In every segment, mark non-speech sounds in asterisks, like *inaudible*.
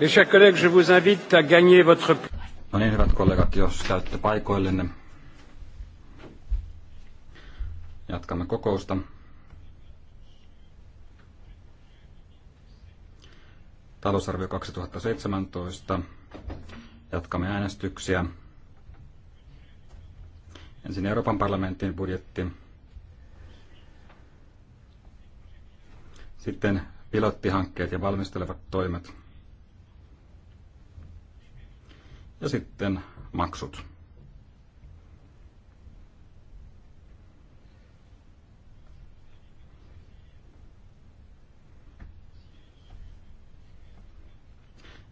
Mes chers collègues, je vous invite à gagner votre... No niin, hyvät kollegat, jos käytte paikoillenne. Jatkamme kokousta. Talousarvio 2017. Jatkamme äänestyksiä. Ensin Euroopan parlamentin budjetti. Sitten pilottihankkeet ja valmistelevat toimet. Ja sitten maksut.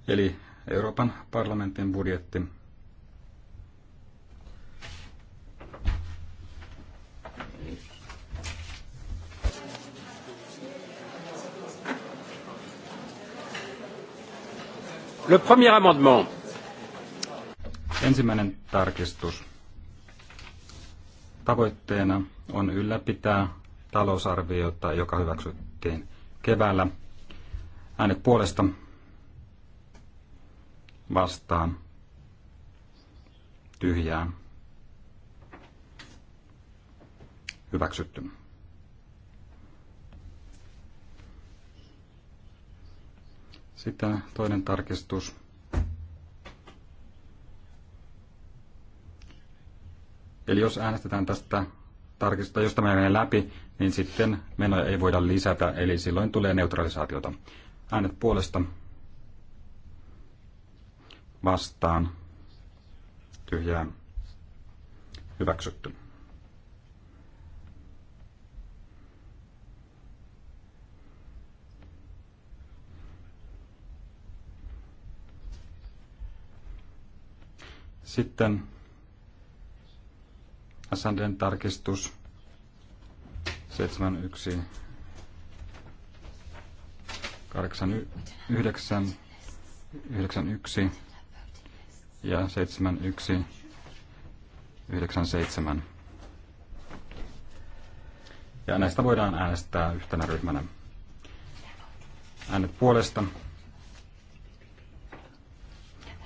Eli Euroopan parlamentin budjetti Le premier amendement. Ensimmäinen tarkistus. Tavoitteena on ylläpitää talousarviota, joka hyväksyttiin keväällä. Äänet puolesta vastaan tyhjää hyväksytty. Sitä toinen tarkistus. Eli jos äänestetään tästä tarkistusta, josta tämä menee läpi, niin sitten menoja ei voida lisätä, eli silloin tulee neutralisaatiota. Äänet puolesta vastaan tyhjää hyväksytty. Sitten Sanden tarkistus 71 89 91 ja 71 97. Ja näistä voidaan äänestää yhtenä ryhmänä. Äänet puolesta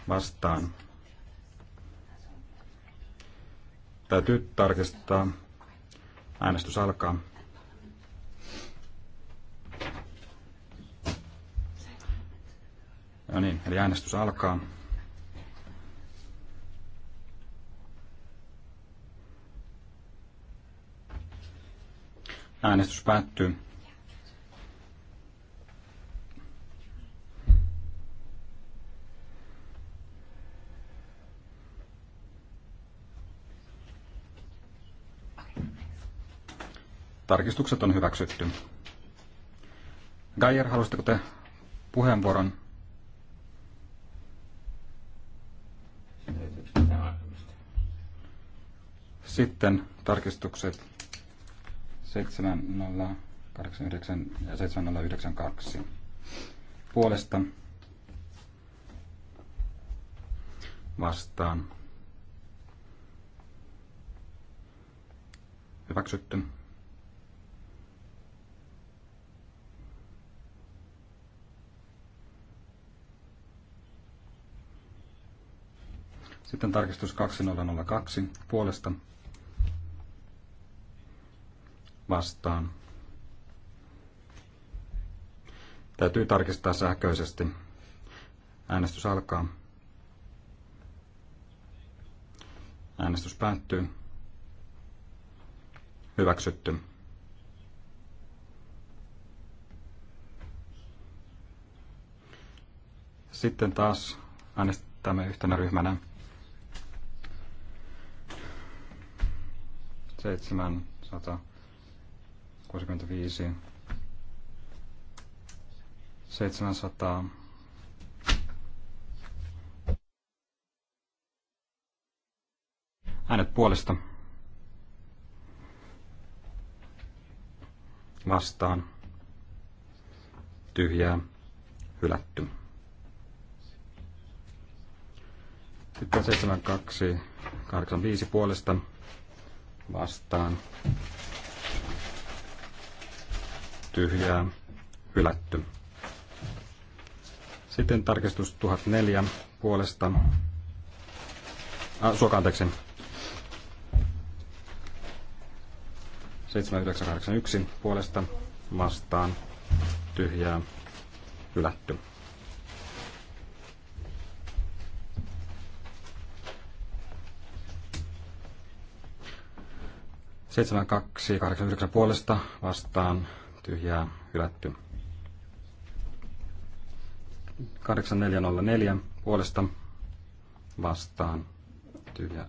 vastaan Täytyy tarkistaa. Äänestys alkaa. No niin, eli äänestys alkaa. Äänestys päättyy. Tarkistukset on hyväksytty. Geyer, haluaisitteko te puheenvuoron? Sitten tarkistukset 7089 ja 7092 puolesta vastaan. Hyväksytty. Sitten tarkistus 2002 puolesta vastaan. Täytyy tarkistaa sähköisesti. Äänestys alkaa. Äänestys päättyy. Hyväksytty. Sitten taas äänestämme yhtenä ryhmänä 765, 700, äänet puolesta vastaan tyhjää hylätty. Sitten 7285 puolesta vastaan tyhjää hylätty. Sitten tarkistus 1004 puolesta. Ah, suokaa anteeksi. 7981 puolesta vastaan tyhjää hylätty. 7289 puolesta vastaan tyhjää hylätty. 8404 puolesta vastaan tyhjä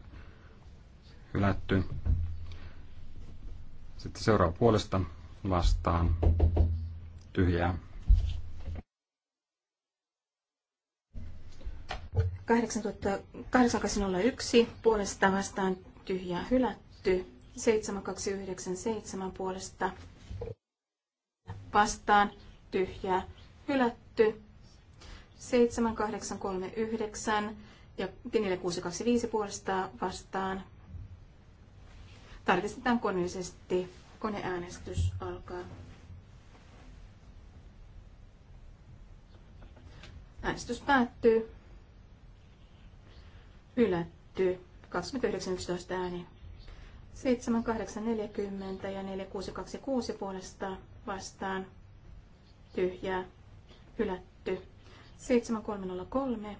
hylätty. Sitten seuraava puolesta vastaan tyhjää. 8801 tuota, puolesta vastaan tyhjää hylätty. 7297 puolesta vastaan tyhjää hylätty. 7839 ja 4625 puolesta vastaan. Tarkistetaan koneellisesti. Koneäänestys alkaa. Äänestys päättyy. Hylätty. 29.11 ääni. 7840 ja 4626 puolesta vastaan tyhjää hylätty. 7303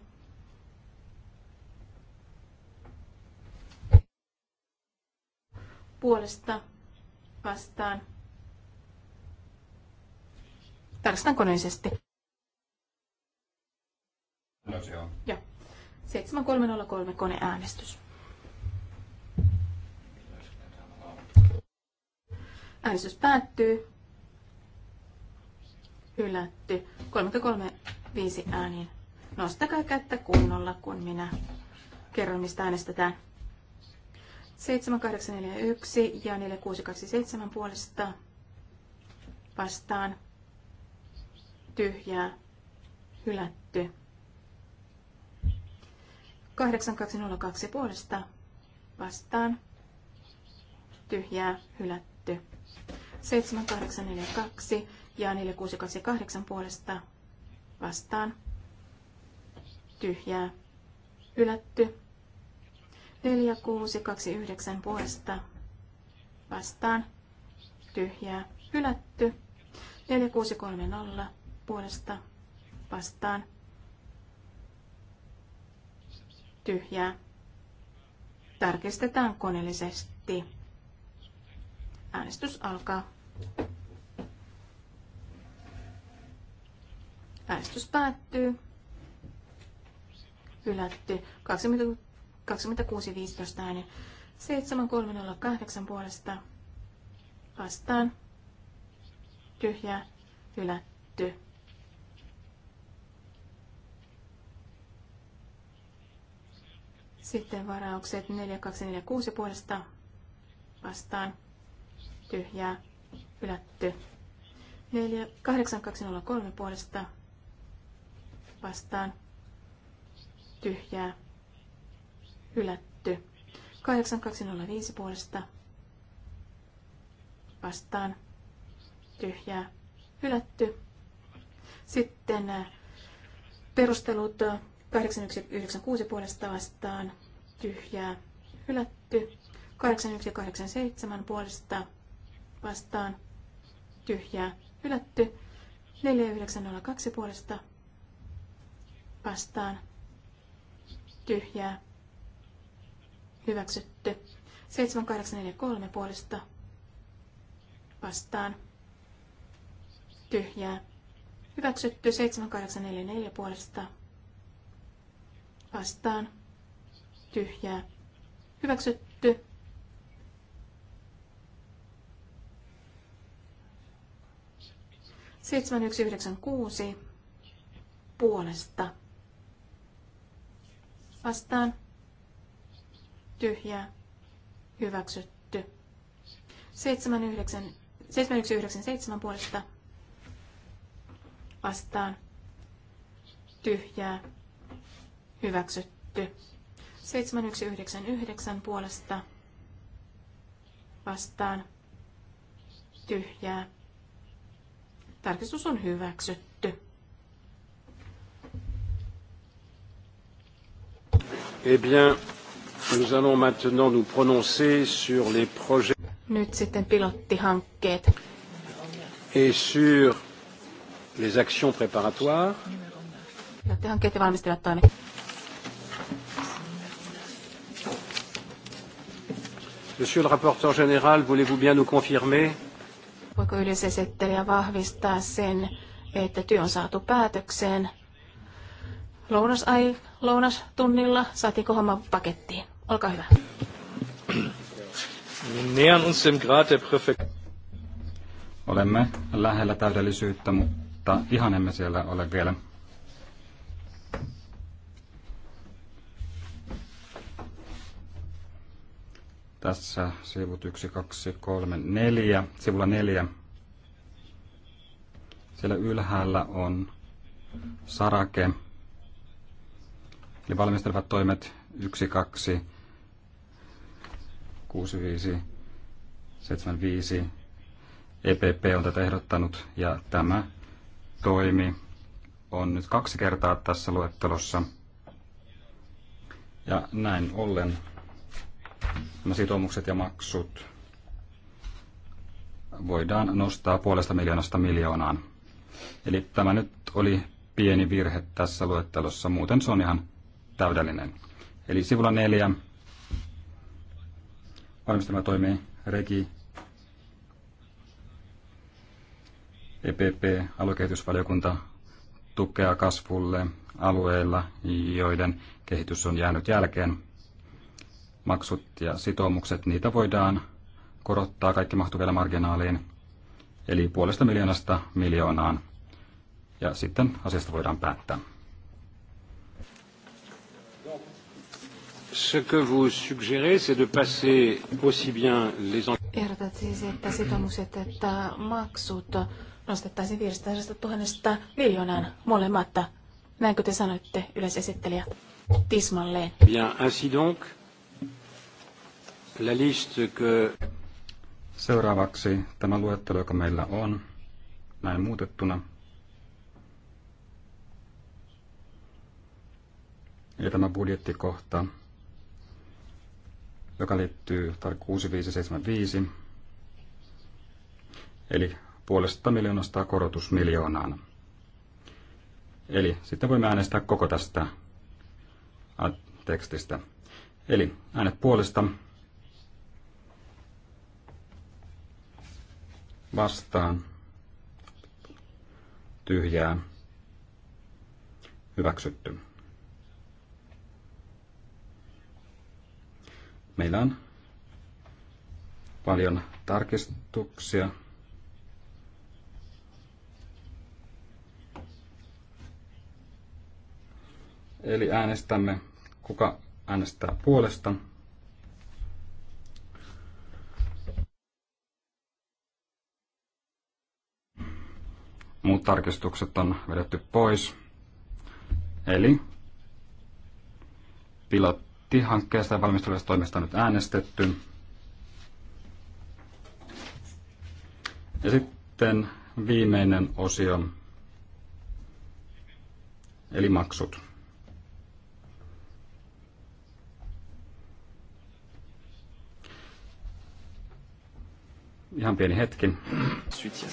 puolesta vastaan. Tarkistan koneisesti. No se on. Joo. 7303 koneäänestys. Äänestys päättyy. Hylätty. 335 ääniin. Nostakaa kättä kunnolla, kun minä kerron, mistä äänestetään. 7841 ja 4627 puolesta vastaan tyhjää, hylätty. 8202 puolesta vastaan tyhjää, hylätty. 7842 ja 4628 puolesta vastaan. Tyhjää. Hylätty. 4629 puolesta vastaan. Tyhjää. Hylätty. 4630 puolesta vastaan. Tyhjää. Tarkistetaan koneellisesti. Äänestys alkaa. Äänestys päättyy. Hylätty. 26.15 ääni. 7308 puolesta vastaan. Tyhjä. Hylätty. Sitten varaukset 4246 puolesta vastaan tyhjää, hylätty. 4, 8203 puolesta vastaan, tyhjää, hylätty. 8205 puolesta vastaan, tyhjää, hylätty. Sitten äh, perustelut 8196 äh, puolesta vastaan, tyhjää, hylätty. 8187 puolesta vastaan tyhjää hylätty. 4902 puolesta vastaan tyhjää hyväksytty. 7843 puolesta vastaan tyhjää hyväksytty. 7844 puolesta vastaan tyhjää hyväksytty. 7196 puolesta vastaan tyhjää hyväksytty. 7197 puolesta vastaan tyhjää hyväksytty. 7199 puolesta vastaan tyhjää Tarkistus on hyväksytty. Eh bien, nous allons maintenant nous prononcer sur les projets. Nyt sitten pilottihankkeet. Et sur les actions préparatoires. Pilottihankkeet ja valmistelevat toimet. Monsieur le rapporteur général, voulez-vous bien nous confirmer voiko ylisesittelijä vahvistaa sen, että työ on saatu päätökseen lounastunnilla, ai, saatiinko homma pakettiin? Olkaa hyvä. Olemme lähellä täydellisyyttä, mutta ihan emme siellä ole vielä. Tässä sivut 1, 2, 3, 4, sivulla 4. Siellä ylhäällä on sarake, eli valmistelevat toimet 1, 2, 6, 5, 7, 5. EPP on tätä ehdottanut ja tämä toimi on nyt kaksi kertaa tässä luettelossa. Ja näin ollen nämä sitoumukset ja maksut voidaan nostaa puolesta miljoonasta miljoonaan. Eli tämä nyt oli pieni virhe tässä luettelossa, muuten se on ihan täydellinen. Eli sivulla neljä valmistelma toimii Regi EPP, aluekehitysvaliokunta, tukea kasvulle alueilla, joiden kehitys on jäänyt jälkeen maksut ja sitoumukset, niitä voidaan korottaa kaikki mahtuu vielä marginaaliin, eli puolesta miljoonasta miljoonaan. Ja sitten asiasta voidaan päättää. Ce que vous suggérez, c'est de passer aussi bien les... Ehdotat siis, että sitoumukset että maksut nostettaisiin 500 000 miljoonaan molemmat. Näinkö te sanoitte, yleisesittelijä? Tismalleen. Bien, ainsi donc la liste que... Seuraavaksi tämä luettelo, joka meillä on, näin muutettuna. Eli tämä budjettikohta, joka liittyy 6575, eli puolesta miljoonasta korotus miljoonaan. Eli sitten voimme äänestää koko tästä tekstistä. Eli äänet puolesta vastaan tyhjää hyväksytty. Meillä on paljon tarkistuksia. Eli äänestämme, kuka äänestää puolesta. Muut tarkistukset on vedetty pois. Eli pilottihankkeesta ja valmistelusta toimesta on nyt äänestetty. Ja sitten viimeinen osio, eli maksut. Ihan pieni hetki. Suitsi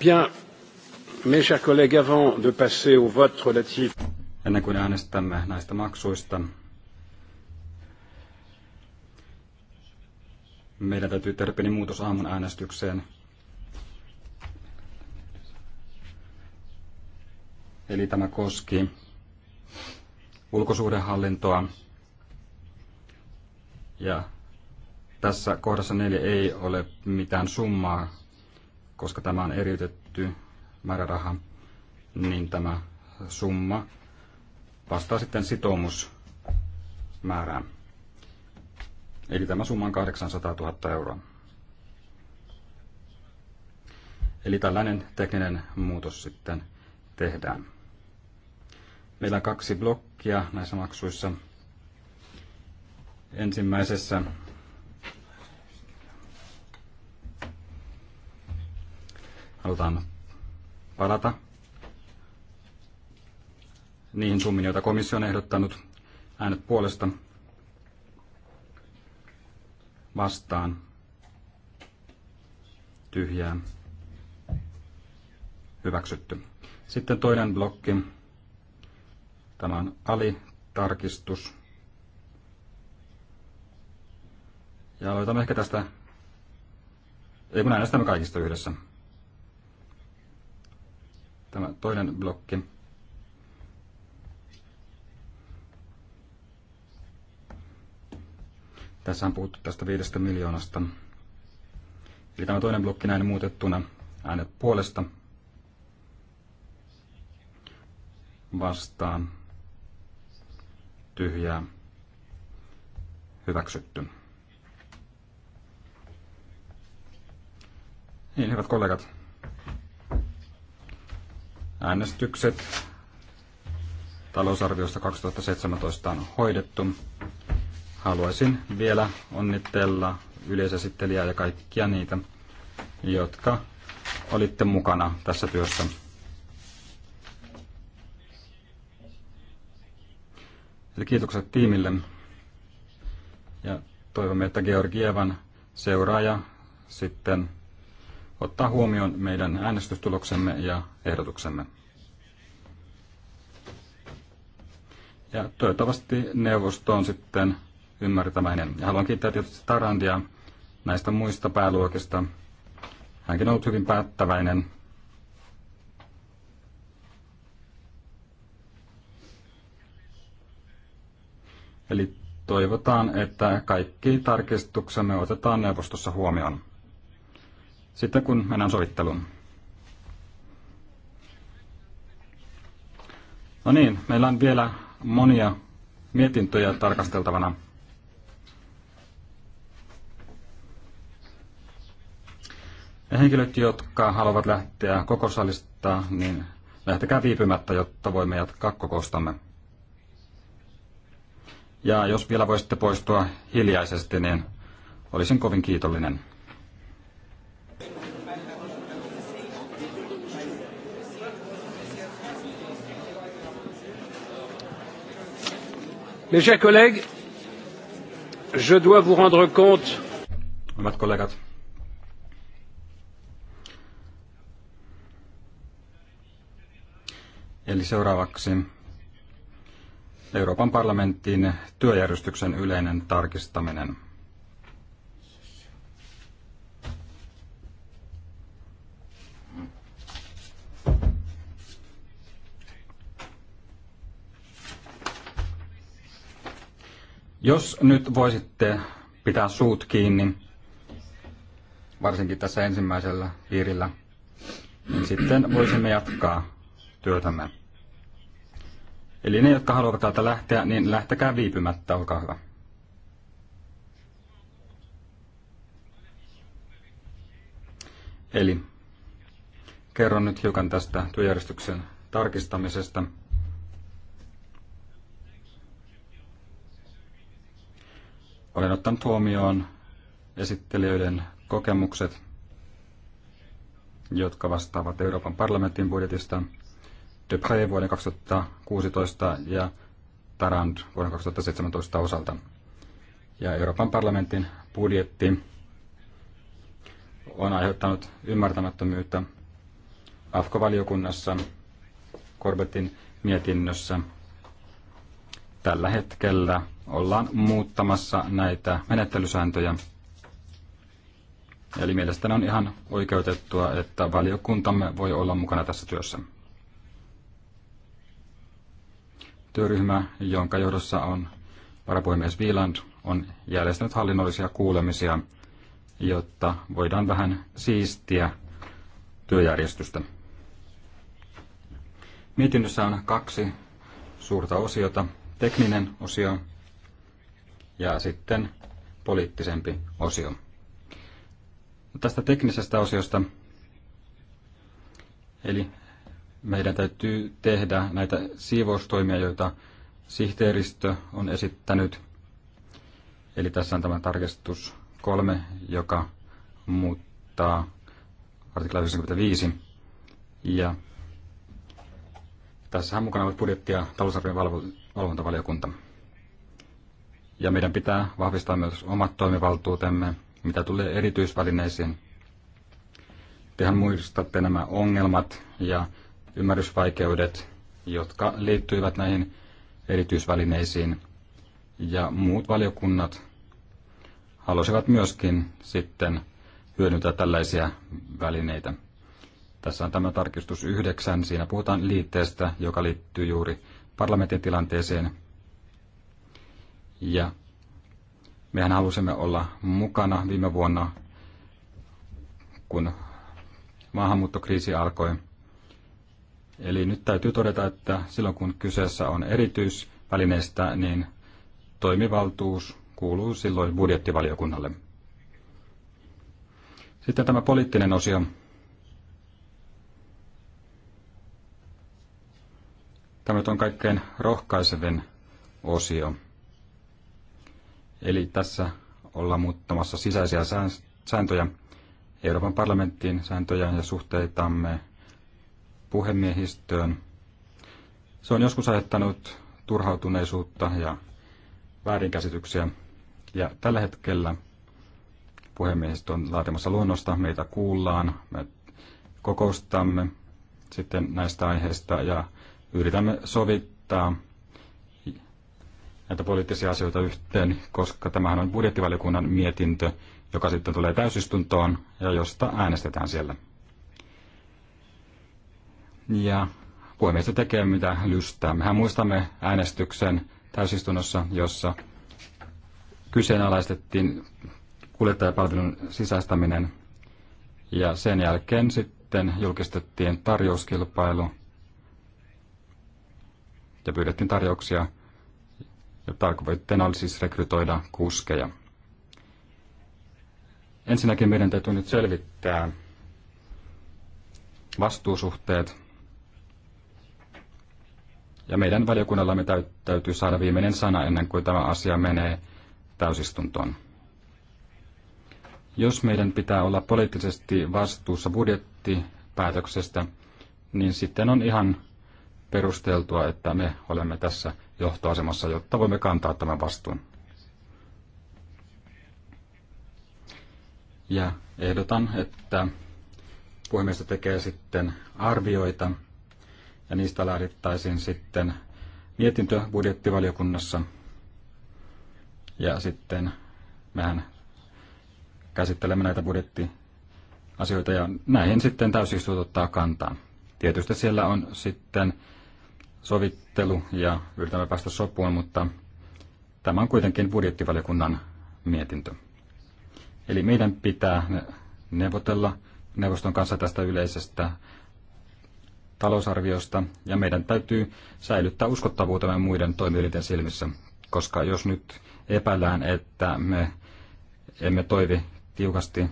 Bien, mes chers collègues, avant de passer au vote relatif... Ennen kuin äänestämme näistä maksuista, meidän täytyy tehdä pieni muutos aamun äänestykseen. Eli tämä koski ulkosuhdehallintoa. Ja tässä kohdassa neljä ei ole mitään summaa koska tämä on eriytetty määräraha, niin tämä summa vastaa sitten sitoumusmäärään. Eli tämä summa on 800 000 euroa. Eli tällainen tekninen muutos sitten tehdään. Meillä on kaksi blokkia näissä maksuissa. Ensimmäisessä halutaan palata niihin summiin, joita komissio on ehdottanut. Äänet puolesta vastaan tyhjää hyväksytty. Sitten toinen blokki. Tämä on alitarkistus. Ja aloitamme ehkä tästä, ei kun äänestämme kaikista yhdessä tämä toinen blokki. Tässä on puhuttu tästä viidestä miljoonasta. Eli tämä toinen blokki näin muutettuna äänet puolesta vastaan tyhjää hyväksytty. Niin, hyvät kollegat, Äänestykset talousarviosta 2017 on hoidettu. Haluaisin vielä onnitella yleisesittelijää ja kaikkia niitä, jotka olitte mukana tässä työssä. Eli kiitokset tiimille ja toivomme, että Georgievan seuraaja sitten ottaa huomioon meidän äänestystuloksemme ja ehdotuksemme. Ja toivottavasti neuvosto on sitten ymmärtämäinen. Ja haluan kiittää tietysti Tarandia näistä muista pääluokista. Hänkin on ollut hyvin päättäväinen. Eli toivotaan, että kaikki tarkistuksemme otetaan neuvostossa huomioon. Sitten kun mennään sovitteluun. No niin, meillä on vielä monia mietintöjä tarkasteltavana. Ne henkilöt, jotka haluavat lähteä koko salista, niin lähtekää viipymättä, jotta voimme jatkaa kokoustamme. Ja jos vielä voisitte poistua hiljaisesti, niin olisin kovin kiitollinen. Mes chers collègues, je dois vous rendre compte. Hyvät kollegat, Eli seuraavaksi Euroopan parlamentin työjärjestyksen yleinen tarkistaminen. Jos nyt voisitte pitää suut kiinni, varsinkin tässä ensimmäisellä piirillä, niin sitten voisimme jatkaa työtämme. Eli ne, jotka haluavat täältä lähteä, niin lähtekää viipymättä, olkaa hyvä. Eli kerron nyt hiukan tästä työjärjestyksen tarkistamisesta – Olen ottanut huomioon esittelijöiden kokemukset, jotka vastaavat Euroopan parlamentin budjetista, Depre vuoden 2016 ja Tarand vuoden 2017 osalta. Ja Euroopan parlamentin budjetti on aiheuttanut ymmärtämättömyyttä AFKO-valiokunnassa mietinnössä tällä hetkellä ollaan muuttamassa näitä menettelysääntöjä. Eli mielestäni on ihan oikeutettua, että valiokuntamme voi olla mukana tässä työssä. Työryhmä, jonka johdossa on varapuhemies Wieland, on järjestänyt hallinnollisia kuulemisia, jotta voidaan vähän siistiä työjärjestystä. Mietinnössä on kaksi suurta osiota. Tekninen osio, ja sitten poliittisempi osio. Tästä teknisestä osiosta, eli meidän täytyy tehdä näitä siivoustoimia, joita sihteeristö on esittänyt. Eli tässä on tämä tarkistus kolme, joka muuttaa artikla 95. Ja tässähän mukana on budjetti- ja talousarvion valvontavaliokunta. Ja meidän pitää vahvistaa myös omat toimivaltuutemme, mitä tulee erityisvälineisiin. Tehän muistatte nämä ongelmat ja ymmärrysvaikeudet, jotka liittyivät näihin erityisvälineisiin. Ja muut valiokunnat halusivat myöskin sitten hyödyntää tällaisia välineitä. Tässä on tämä tarkistus yhdeksän Siinä puhutaan liitteestä, joka liittyy juuri parlamentin tilanteeseen. Ja mehän halusimme olla mukana viime vuonna, kun maahanmuuttokriisi alkoi. Eli nyt täytyy todeta, että silloin kun kyseessä on erityisvälineistä, niin toimivaltuus kuuluu silloin budjettivaliokunnalle. Sitten tämä poliittinen osio. Tämä on kaikkein rohkaisevin osio. Eli tässä ollaan muuttamassa sisäisiä sääntöjä, Euroopan parlamenttiin sääntöjä ja suhteitamme puhemiehistöön. Se on joskus aiheuttanut turhautuneisuutta ja väärinkäsityksiä. Ja tällä hetkellä puhemiehistö on laatimassa luonnosta, meitä kuullaan, me kokoustamme sitten näistä aiheista ja yritämme sovittaa näitä poliittisia asioita yhteen, koska tämähän on budjettivaliokunnan mietintö, joka sitten tulee täysistuntoon ja josta äänestetään siellä. Ja puhemies tekee mitä lystää. Mehän muistamme äänestyksen täysistunnossa, jossa kyseenalaistettiin kuljettajapalvelun sisäistäminen ja sen jälkeen sitten julkistettiin tarjouskilpailu ja pyydettiin tarjouksia – Tarkoitteena oli siis rekrytoida kuskeja. Ensinnäkin meidän täytyy nyt selvittää vastuusuhteet. Ja meidän valiokunnallamme täytyy saada viimeinen sana ennen kuin tämä asia menee täysistuntoon. Jos meidän pitää olla poliittisesti vastuussa budjettipäätöksestä, niin sitten on ihan perusteltua, että me olemme tässä johtoasemassa, jotta voimme kantaa tämän vastuun. Ja ehdotan, että puhemiestä tekee sitten arvioita ja niistä laadittaisiin sitten mietintö budjettivaliokunnassa. Ja sitten mehän käsittelemme näitä budjettiasioita ja näihin sitten täysistunto ottaa kantaa. Tietysti siellä on sitten sovittelu ja yritämme päästä sopuun, mutta tämä on kuitenkin budjettivaliokunnan mietintö. Eli meidän pitää neuvotella neuvoston kanssa tästä yleisestä talousarviosta ja meidän täytyy säilyttää uskottavuutemme muiden toimijoiden silmissä, koska jos nyt epäillään, että me emme toivi tiukasti,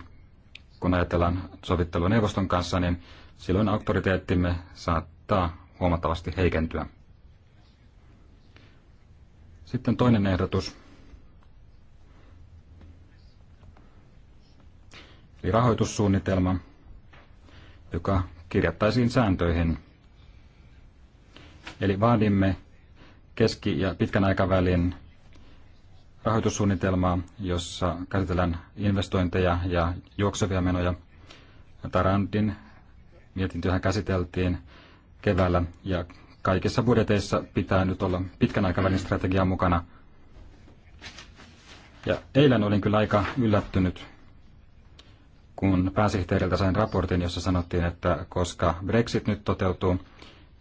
kun ajatellaan sovittelua neuvoston kanssa, niin silloin auktoriteettimme saattaa huomattavasti heikentyä. Sitten toinen ehdotus. Eli rahoitussuunnitelma, joka kirjattaisiin sääntöihin. Eli vaadimme keski- ja pitkän aikavälin rahoitussuunnitelmaa, jossa käsitellään investointeja ja juoksevia menoja. Tarantin mietintöhän käsiteltiin keväällä ja kaikissa budjeteissa pitää nyt olla pitkän aikavälin strategia mukana. Ja eilen olin kyllä aika yllättynyt, kun pääsihteeriltä sain raportin, jossa sanottiin, että koska Brexit nyt toteutuu,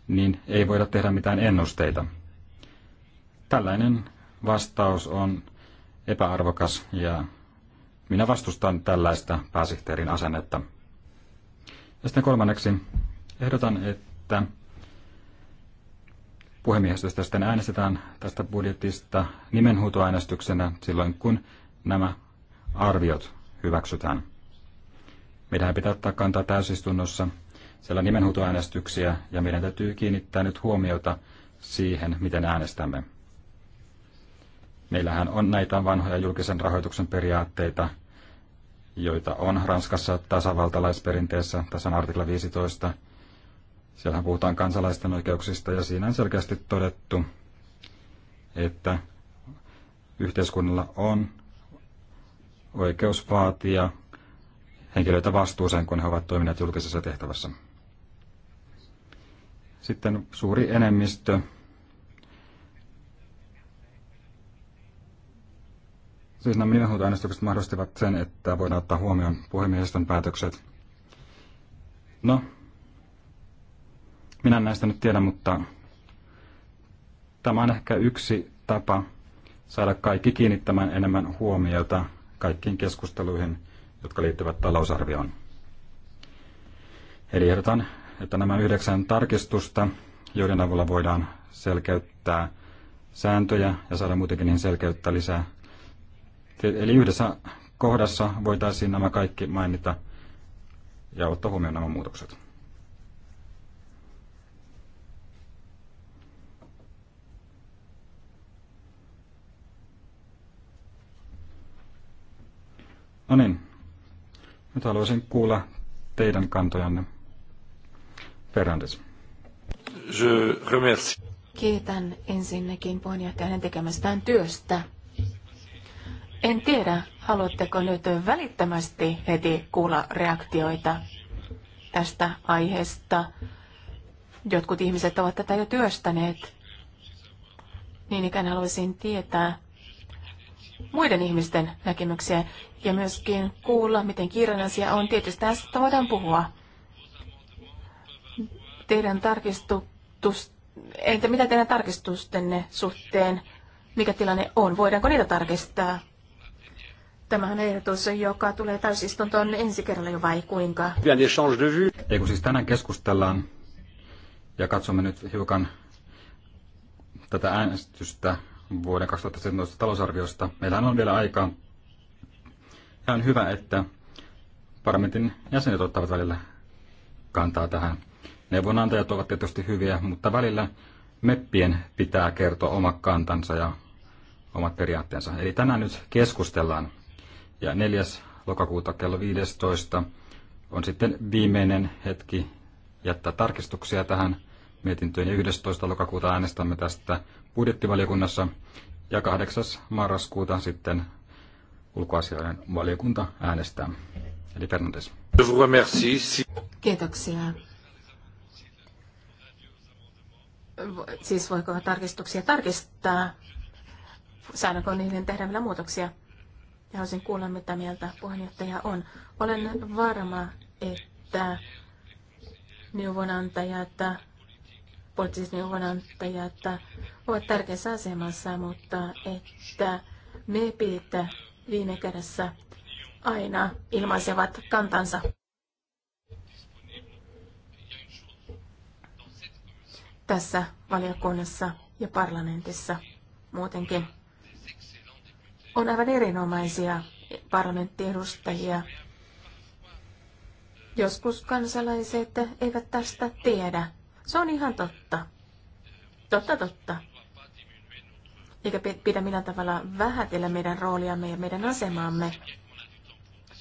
niin ei voida tehdä mitään ennusteita. Tällainen vastaus on epäarvokas ja minä vastustan tällaista pääsihteerin asennetta. Ja sitten kolmanneksi ehdotan, että että puhemiehistöstä sitten äänestetään tästä budjetista nimenhuutoäänestyksenä silloin, kun nämä arviot hyväksytään. Meidän pitää ottaa kantaa täysistunnossa siellä nimenhuutoäänestyksiä ja meidän täytyy kiinnittää nyt huomiota siihen, miten äänestämme. Meillähän on näitä vanhoja julkisen rahoituksen periaatteita, joita on Ranskassa tasavaltalaisperinteessä, tässä on artikla 15, Siellähän puhutaan kansalaisten oikeuksista ja siinä on selkeästi todettu, että yhteiskunnalla on oikeus vaatia henkilöitä vastuuseen, kun he ovat toimineet julkisessa tehtävässä. Sitten suuri enemmistö Siis nämä mielenhuutoäänestykset mahdollistivat sen, että voidaan ottaa huomioon puhemiehistön päätökset. No, minä näistä nyt tiedä, mutta tämä on ehkä yksi tapa saada kaikki kiinnittämään enemmän huomiota kaikkiin keskusteluihin, jotka liittyvät talousarvioon. Eli ehdotan, että nämä yhdeksän tarkistusta, joiden avulla voidaan selkeyttää sääntöjä ja saada muutenkin niihin selkeyttä lisää. Eli yhdessä kohdassa voitaisiin nämä kaikki mainita ja ottaa huomioon nämä muutokset. No niin, nyt haluaisin kuulla teidän kantojanne. Fernandes. Kiitän ensinnäkin puheenjohtajan tekemästään työstä. En tiedä, haluatteko nyt välittömästi heti kuulla reaktioita tästä aiheesta. Jotkut ihmiset ovat tätä jo työstäneet. Niin ikään haluaisin tietää, muiden ihmisten näkemyksiä ja myöskin kuulla, miten kiireinen asia on. Tietysti tästä voidaan puhua. Teidän tarkistus, entä mitä teidän tarkistustenne suhteen, mikä tilanne on, voidaanko niitä tarkistaa? Tämähän ehdotus, joka tulee täysistuntoon ensi kerralla jo vai kuinka? Ei kun siis tänään keskustellaan ja katsomme nyt hiukan tätä äänestystä vuoden 2017 talousarviosta. Meillähän on vielä aikaa. Ja on hyvä, että parlamentin jäsenet ottavat välillä kantaa tähän. Neuvonantajat ovat tietysti hyviä, mutta välillä meppien pitää kertoa oma kantansa ja omat periaatteensa. Eli tänään nyt keskustellaan. Ja 4. lokakuuta kello 15 on sitten viimeinen hetki jättää tarkistuksia tähän mietintöön. Ja 11. lokakuuta äänestämme tästä budjettivaliokunnassa ja 8. marraskuuta sitten ulkoasioiden valiokunta äänestää. Eli Fernandes. Kiitoksia. Siis voiko tarkistuksia tarkistaa? Saanko niiden tehdä vielä muutoksia? Ja haluaisin kuulla, mitä mieltä puheenjohtaja on. Olen varma, että neuvonantajat poliittisen neuvonantajat ovat tärkeässä asemassa, mutta että MEPit viime kädessä aina ilmaisevat kantansa. Tässä valiokunnassa ja parlamentissa muutenkin on aivan erinomaisia parlamenttiedustajia. Joskus kansalaiset eivät tästä tiedä se on ihan totta. Totta, totta. Eikä pidä millään tavalla vähätellä meidän rooliamme ja meidän asemaamme.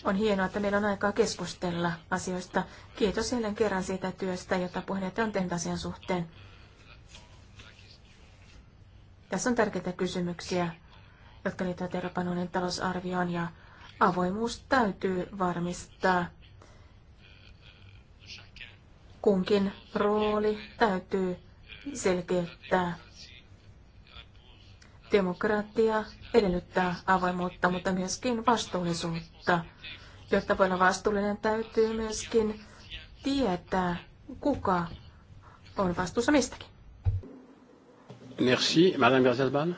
On hienoa, että meillä on aikaa keskustella asioista. Kiitos jälleen kerran siitä työstä, jota puheenjohtaja on tehnyt asian suhteen. Tässä on tärkeitä kysymyksiä, jotka liittyvät Euroopan talousarvioon ja avoimuus täytyy varmistaa kunkin rooli täytyy selkeyttää. Demokratia edellyttää avoimuutta, mutta myöskin vastuullisuutta. Jotta voi olla vastuullinen, täytyy myöskin tietää, kuka on vastuussa mistäkin. Merci, Madame Garzalban.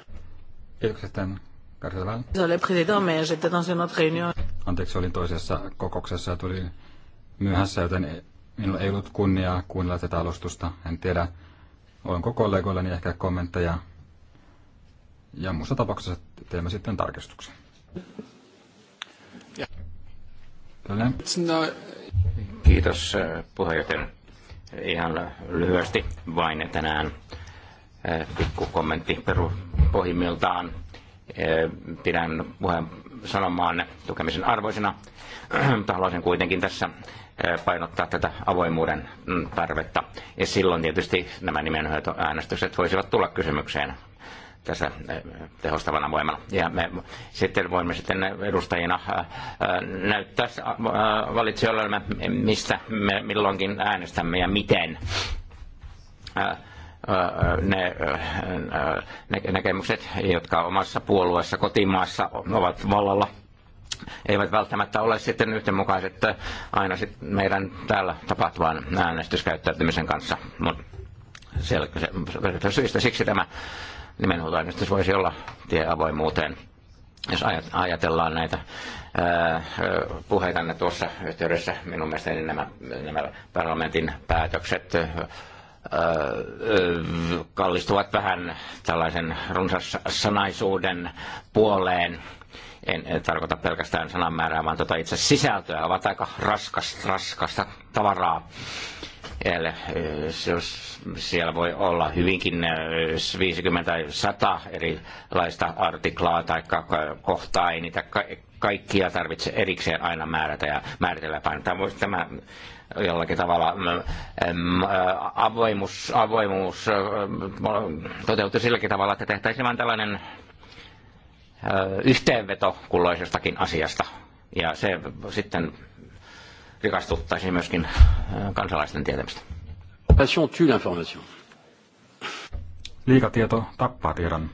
Anteeksi, olin toisessa kokouksessa ja tulin myöhässä, joten Minulla ei ollut kunniaa kuunnella tätä alustusta. En tiedä, onko kollegoillani ehkä kommentteja. Ja muussa tapauksessa teemme sitten tarkistuksen. Kiitos äh, puheenjohtaja. Ihan lyhyesti vain tänään äh, pikku kommentti peru pohjimmiltaan. Äh, pidän puheen sanomaan tukemisen arvoisena, *clears throat* mutta haluaisin kuitenkin tässä painottaa tätä avoimuuden mm, tarvetta. Ja silloin tietysti nämä nimenhoitoäänestykset voisivat tulla kysymykseen tässä tehostavana voimana. Ja me sitten voimme sitten edustajina näyttää valitsijoillemme, mistä me milloinkin äänestämme ja miten ne näkemykset, jotka omassa puolueessa kotimaassa ovat vallalla – eivät välttämättä ole sitten yhtenmukaiset äh, aina sitten meidän täällä tapahtuvan äänestyskäyttäytymisen kanssa. Mutta selkeä syistä siksi tämä nimenhuutoäänestys voisi olla tie avoimuuteen. Jos ajatellaan näitä ää, äh, puheitanne tuossa yhteydessä, minun mielestäni niin nämä, nämä parlamentin päätökset ää, äh, kallistuvat vähän tällaisen sanaisuuden puoleen en tarkoita pelkästään sanamäärää, vaan tuota itse sisältöä, ovat aika raskas, raskasta tavaraa. Eli siellä voi olla hyvinkin 50 tai 100 erilaista artiklaa tai kohtaa, ei niitä kaikkia tarvitse erikseen aina määrätä ja määritellä Tämä Voisi tämä jollakin tavalla avoimuus, avoimuus toteutuu silläkin tavalla, että tehtäisiin vain tällainen yhteenveto kulloisestakin asiasta. Ja se sitten rikastuttaisi myöskin kansalaisten tietämistä. Passion tue l'information. Liikatieto tappaa tiedon.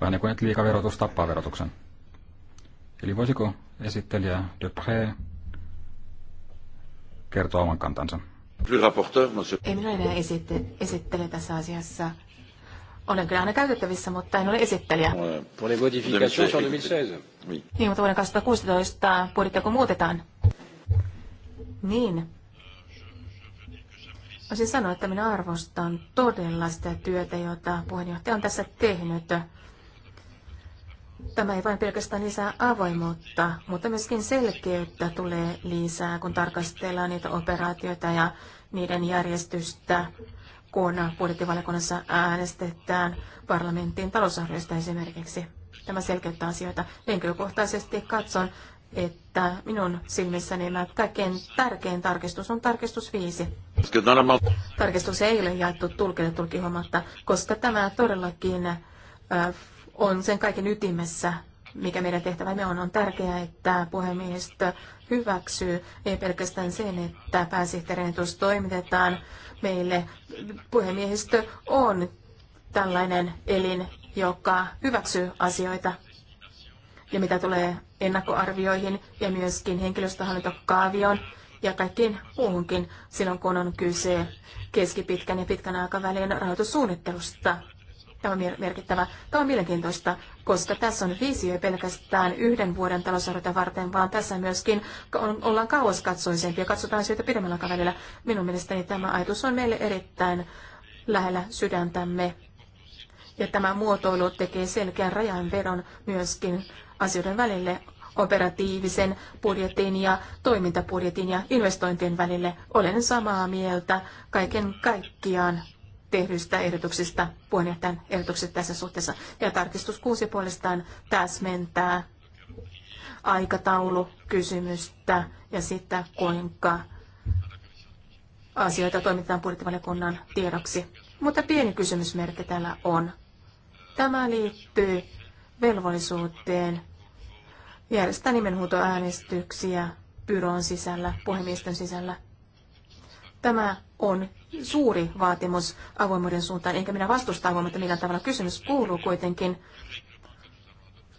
Vähän niin kuin, että liikaverotus tappaa verotuksen. Eli voisiko esittelijä Dupré kertoa oman kantansa? Ei minä enää esittele, esittele tässä asiassa. Olen kyllä aina käytettävissä, mutta en ole esittelijä. Niin. niin, mutta vuoden 2016 budjettia kun muutetaan. Niin. Voisin sanoa, että minä arvostan todella sitä työtä, jota puheenjohtaja on tässä tehnyt. Tämä ei vain pelkästään lisää avoimuutta, mutta myöskin selkeyttä tulee lisää, kun tarkastellaan niitä operaatioita ja niiden järjestystä kun budjettivaliokunnassa äänestetään parlamentin talousarviosta esimerkiksi. Tämä selkeyttää asioita. Henkilökohtaisesti katson, että minun silmissäni mä kaikkein tärkein tarkistus on tarkistus 5. Tarkistus ei ole jaettu tulkille tulkihuomatta, koska tämä todellakin äh, on sen kaiken ytimessä, mikä meidän tehtävämme on. On tärkeää, että puhemiehistö hyväksyy ei pelkästään sen, että pääsihteerin toimitetaan, meille. Puhemiehistö on tällainen elin, joka hyväksyy asioita. Ja mitä tulee ennakkoarvioihin ja myöskin henkilöstöhallintokaavioon ja kaikkiin muuhunkin silloin, kun on kyse keskipitkän ja pitkän aikavälin rahoitussuunnittelusta. Tämä on merkittävä. Tämä on mielenkiintoista koska tässä on visio pelkästään yhden vuoden talousarvota varten, vaan tässä myöskin on, ollaan kauaskatsoisempia, katsotaan asioita pidemmällä aikavälillä. Minun mielestäni tämä ajatus on meille erittäin lähellä sydäntämme. Ja tämä muotoilu tekee selkeän rajanvedon myöskin asioiden välille operatiivisen budjetin ja toimintapudjetin ja investointien välille. Olen samaa mieltä kaiken kaikkiaan tehdyistä ehdotuksista, puheenjohtajan ehdotukset tässä suhteessa. Ja tarkistus kuusi puolestaan täsmentää aikataulukysymystä ja sitä, kuinka asioita toimitetaan budjettivaliokunnan tiedoksi. Mutta pieni kysymysmerkki täällä on. Tämä liittyy velvollisuuteen järjestää nimenhuutoäänestyksiä pyron sisällä, puhemiesten sisällä. Tämä on suuri vaatimus avoimuuden suuntaan, enkä minä vastusta avoimuutta millään tavalla. Kysymys kuuluu kuitenkin,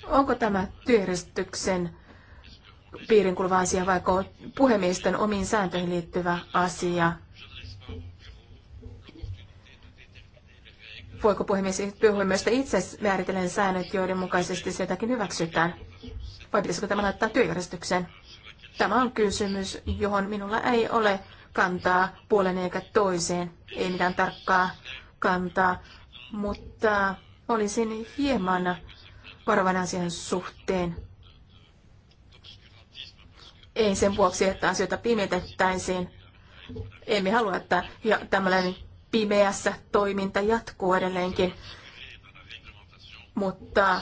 onko tämä työjärjestyksen piirin kuuluva asia vai puhemiesten omiin sääntöihin liittyvä asia? Voiko puhemies, puhemiestä itse määritellä säännöt, joiden mukaisesti sieltäkin hyväksytään? Vai pitäisikö tämä laittaa työjärjestykseen? Tämä on kysymys, johon minulla ei ole kantaa puolen eikä toiseen. Ei mitään tarkkaa kantaa, mutta olisin hieman varovan asian suhteen. Ei sen vuoksi, että asioita pimetettäisiin. Emme halua, että ja tämmöinen pimeässä toiminta jatkuu edelleenkin. Mutta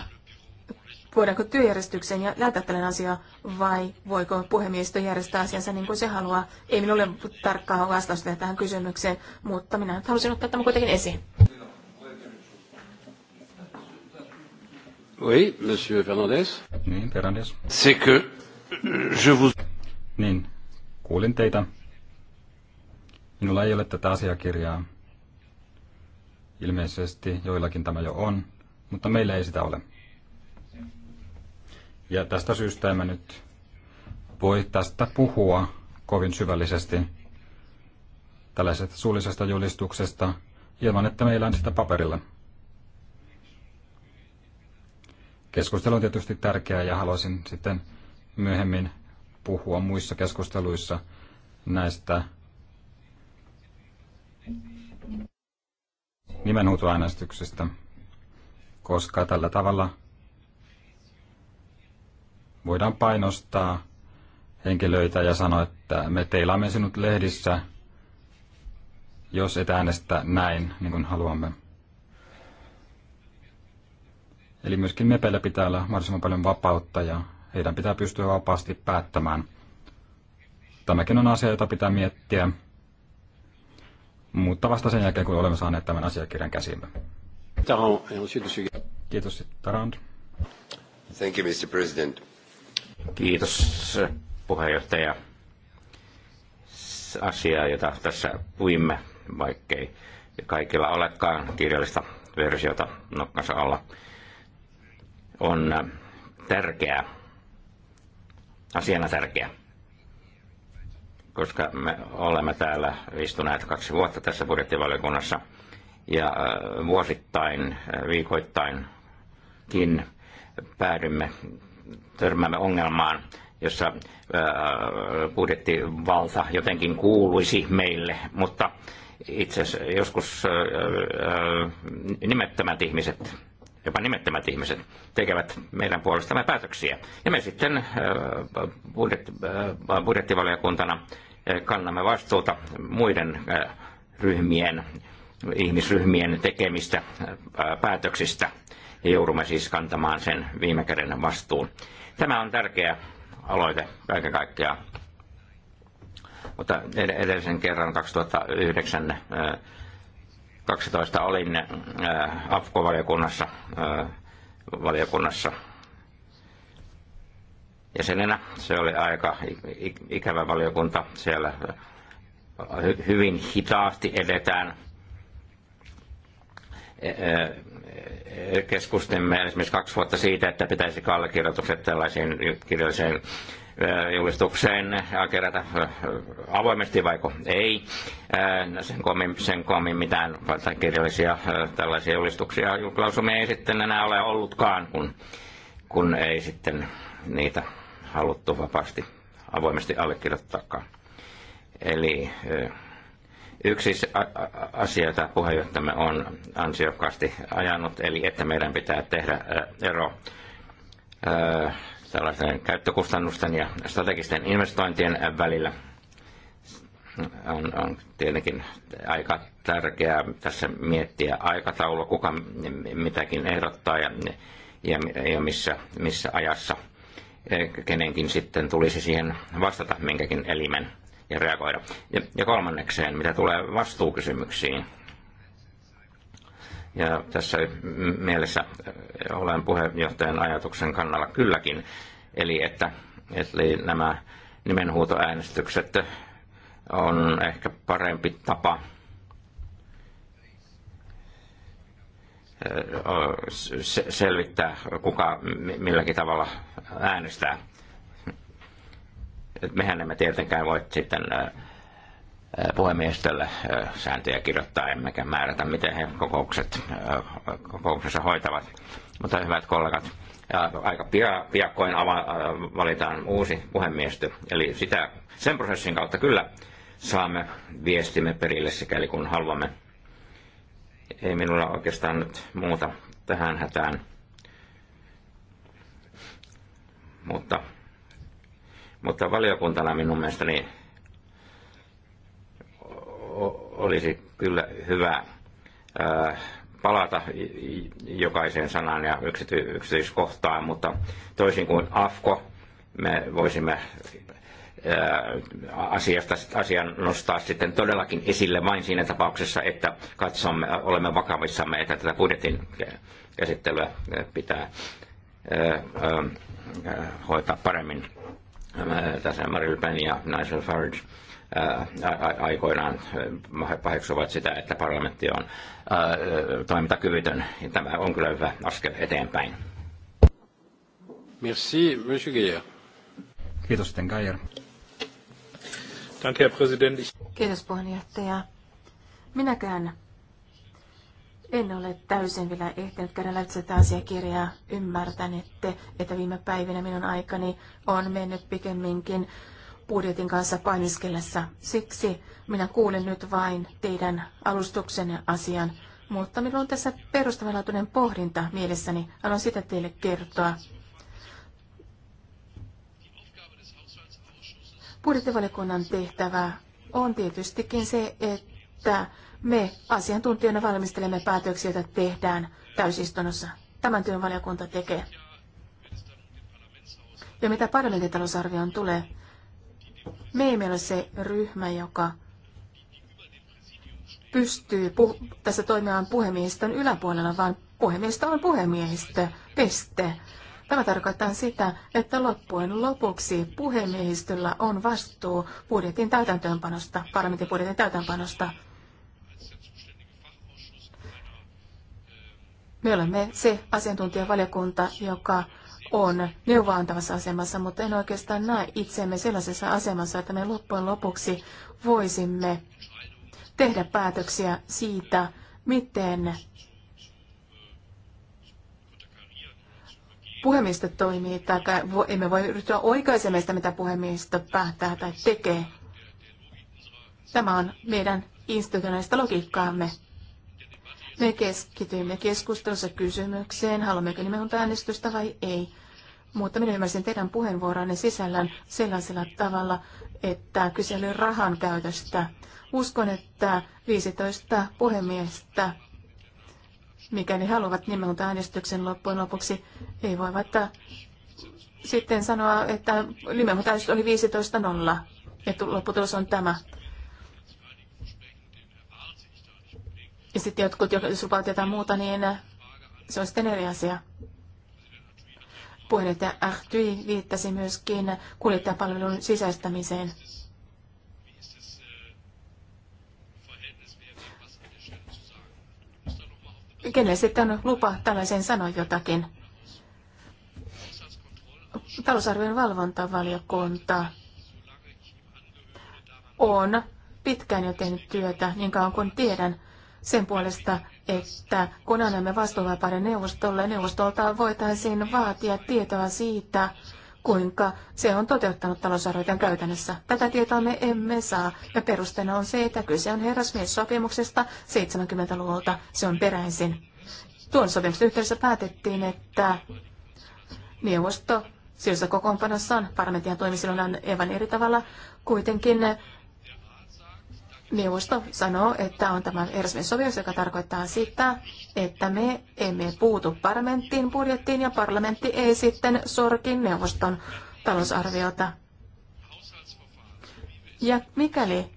voidaanko työjärjestykseen ja jättää tällainen asia vai voiko puhemiesto järjestää asiansa niin kuin se haluaa. Ei minulla ole tarkkaa vastausta tähän kysymykseen, mutta minä nyt halusin ottaa tämän kuitenkin esiin. Oui, monsieur Fernandez. Niin, Fernandez. C'est que je vous... Niin, kuulin teitä. Minulla ei ole tätä asiakirjaa. Ilmeisesti joillakin tämä jo on, mutta meillä ei sitä ole. Ja tästä syystä emme nyt voi tästä puhua kovin syvällisesti tällaisesta suullisesta julistuksesta ilman, että meillä on sitä paperilla. Keskustelu on tietysti tärkeää ja haluaisin sitten myöhemmin puhua muissa keskusteluissa näistä nimenhuutoäänestyksistä, koska tällä tavalla voidaan painostaa henkilöitä ja sanoa, että me teilaamme sinut lehdissä, jos et äänestä näin, niin kuin haluamme. Eli myöskin mepeillä pitää olla mahdollisimman paljon vapautta ja heidän pitää pystyä vapaasti päättämään. Tämäkin on asia, jota pitää miettiä, mutta vasta sen jälkeen, kun olemme saaneet tämän asiakirjan käsimme. Kiitos, Tarand. Thank you, Mr. President. Kiitos puheenjohtaja. Asiaa, jota tässä puimme, vaikkei kaikilla olekaan kirjallista versiota nokkansa alla, on äh, tärkeä, asiana tärkeä, koska me olemme täällä istuneet kaksi vuotta tässä budjettivaliokunnassa ja äh, vuosittain, äh, viikoittainkin päädymme törmäämme ongelmaan, jossa äh, budjettivalta jotenkin kuuluisi meille, mutta itse asiassa joskus äh, äh, nimettömät ihmiset jopa nimettömät ihmiset, tekevät meidän puolestamme päätöksiä. Ja me sitten budjetti, budjettivaliokuntana kannamme vastuuta muiden ryhmien, ihmisryhmien tekemistä päätöksistä – joudumme siis kantamaan sen viime käden vastuun. Tämä on tärkeä aloite kaiken kaikkiaan. Mutta edellisen kerran 2009 12 olin AFKO-valiokunnassa valiokunnassa jäsenenä. Se oli aika ikävä valiokunta. Siellä hyvin hitaasti edetään e- keskustimme esimerkiksi kaksi vuotta siitä, että pitäisi allekirjoitukset tällaisiin kirjalliseen julistukseen kerätä avoimesti vaiko ei. No sen koomin sen koomin mitään kirjallisia tällaisia julistuksia julkilausumia ei sitten enää ole ollutkaan, kun, kun ei sitten niitä haluttu vapaasti avoimesti allekirjoittaakaan. Eli Yksi jota puheenjohtamme on ansiokkaasti ajanut, eli että meidän pitää tehdä ero tällaisten käyttökustannusten ja strategisten investointien välillä. On, on tietenkin aika tärkeää tässä miettiä aikataulu, kuka mitäkin ehdottaa ja, ja, ja missä, missä ajassa e, kenenkin sitten tulisi siihen vastata minkäkin elimen ja reagoida. Ja, ja kolmannekseen, mitä tulee vastuukysymyksiin, ja tässä mielessä äh, olen puheenjohtajan ajatuksen kannalla kylläkin. Eli että, että nämä nimenhuutoäänestykset on ehkä parempi tapa äh, selvittää, kuka milläkin tavalla äänestää mehän emme tietenkään voi sitten puhemiestölle sääntöjä kirjoittaa, emmekä määrätä, miten he kokoukset, kokouksessa hoitavat. Mutta hyvät kollegat, aika pia, piakkoin ava, valitaan uusi puhemiestö. Eli sitä, sen prosessin kautta kyllä saamme viestimme perille sikäli kun haluamme. Ei minulla oikeastaan nyt muuta tähän hätään. Mutta mutta valiokuntana minun mielestäni olisi kyllä hyvä palata jokaiseen sanaan ja yksity- yksityiskohtaan, mutta toisin kuin AFKO, me voisimme asiasta, asian nostaa sitten todellakin esille vain siinä tapauksessa, että katsomme, olemme vakavissamme, että tätä budjetin käsittelyä pitää hoitaa paremmin tässä Marine Pen ja Nigel Farage aikoinaan paheksuvat sitä, että parlamentti on toimintakyvytön. Tämä on kyllä hyvä askel eteenpäin. Merci, Monsieur Geyer. Kiitos sitten Geyer. Danke, Herr Kiitos puheenjohtaja. Minäkään en ole täysin vielä ehtinyt käydä lävitse tätä asiakirjaa. Ymmärtän, että, että viime päivinä minun aikani on mennyt pikemminkin budjetin kanssa painiskellessa. Siksi minä kuulen nyt vain teidän alustuksenne asian, mutta minulla on tässä perustavanlaatuinen pohdinta mielessäni. Haluan sitä teille kertoa. Budjettivaliokunnan tehtävä on tietystikin se, että me asiantuntijoina valmistelemme päätöksiä, joita tehdään täysistunnossa. Tämän työn valiokunta tekee. Ja mitä parlamentin tulee, me emme ole se ryhmä, joka pystyy puh- tässä toimimaan puhemiehistön yläpuolella, vaan puhemiehistö on puhemiehistö, peste. Tämä tarkoittaa sitä, että loppujen lopuksi puhemiehistöllä on vastuu budjetin täytäntöönpanosta, parlamentin budjetin täytäntöönpanosta. Me olemme se asiantuntijavaliokunta, joka on neuvoa antavassa asemassa, mutta en oikeastaan näe itsemme sellaisessa asemassa, että me loppujen lopuksi voisimme tehdä päätöksiä siitä, miten puhemiesto toimii, tai emme voi ryhtyä oikaisemaan sitä, mitä puhemiesto päättää tai tekee. Tämä on meidän institutionaalista logiikkaamme. Me keskitymme keskustelussa kysymykseen, haluammeko nimenomaan äänestystä vai ei. Mutta minä ymmärsin teidän puheenvuoronne sisällään sellaisella tavalla, että kysely rahan käytöstä. Uskon, että 15 puhemiestä, ne haluavat nimenomaan äänestyksen loppujen lopuksi, ei voi vaikka äh, sitten sanoa, että nimenomaan oli 15.0 ja lopputulos on tämä. ja sitten jotkut, jos lupaat jotain muuta, niin se on sitten eri asia. Puheenjohtaja Ahtui viittasi myöskin kuljettajapalvelun sisäistämiseen. Kenelle sitten on lupa tällaisen sanoa jotakin? Talousarvion valvontavaliokunta on pitkään jo tehnyt työtä, niin kauan kuin tiedän sen puolesta, että kun annamme vastuuvapauden neuvostolle, neuvostolta voitaisiin vaatia tietoa siitä, kuinka se on toteuttanut talousarvioiden käytännössä. Tätä tietoa me emme saa, ja perusteena on se, että kyse on herrasmies-sopimuksesta 70-luvulta. Se on peräisin. Tuon sopimuksen yhteydessä päätettiin, että neuvosto kokoonpanossa on parlamentin toimi silloin aivan eri tavalla. Kuitenkin Neuvosto sanoo, että on tämä Ersmin sopimus, joka tarkoittaa sitä, että me emme puutu parlamenttiin budjettiin ja parlamentti ei sitten sorkin neuvoston talousarviota. Ja mikäli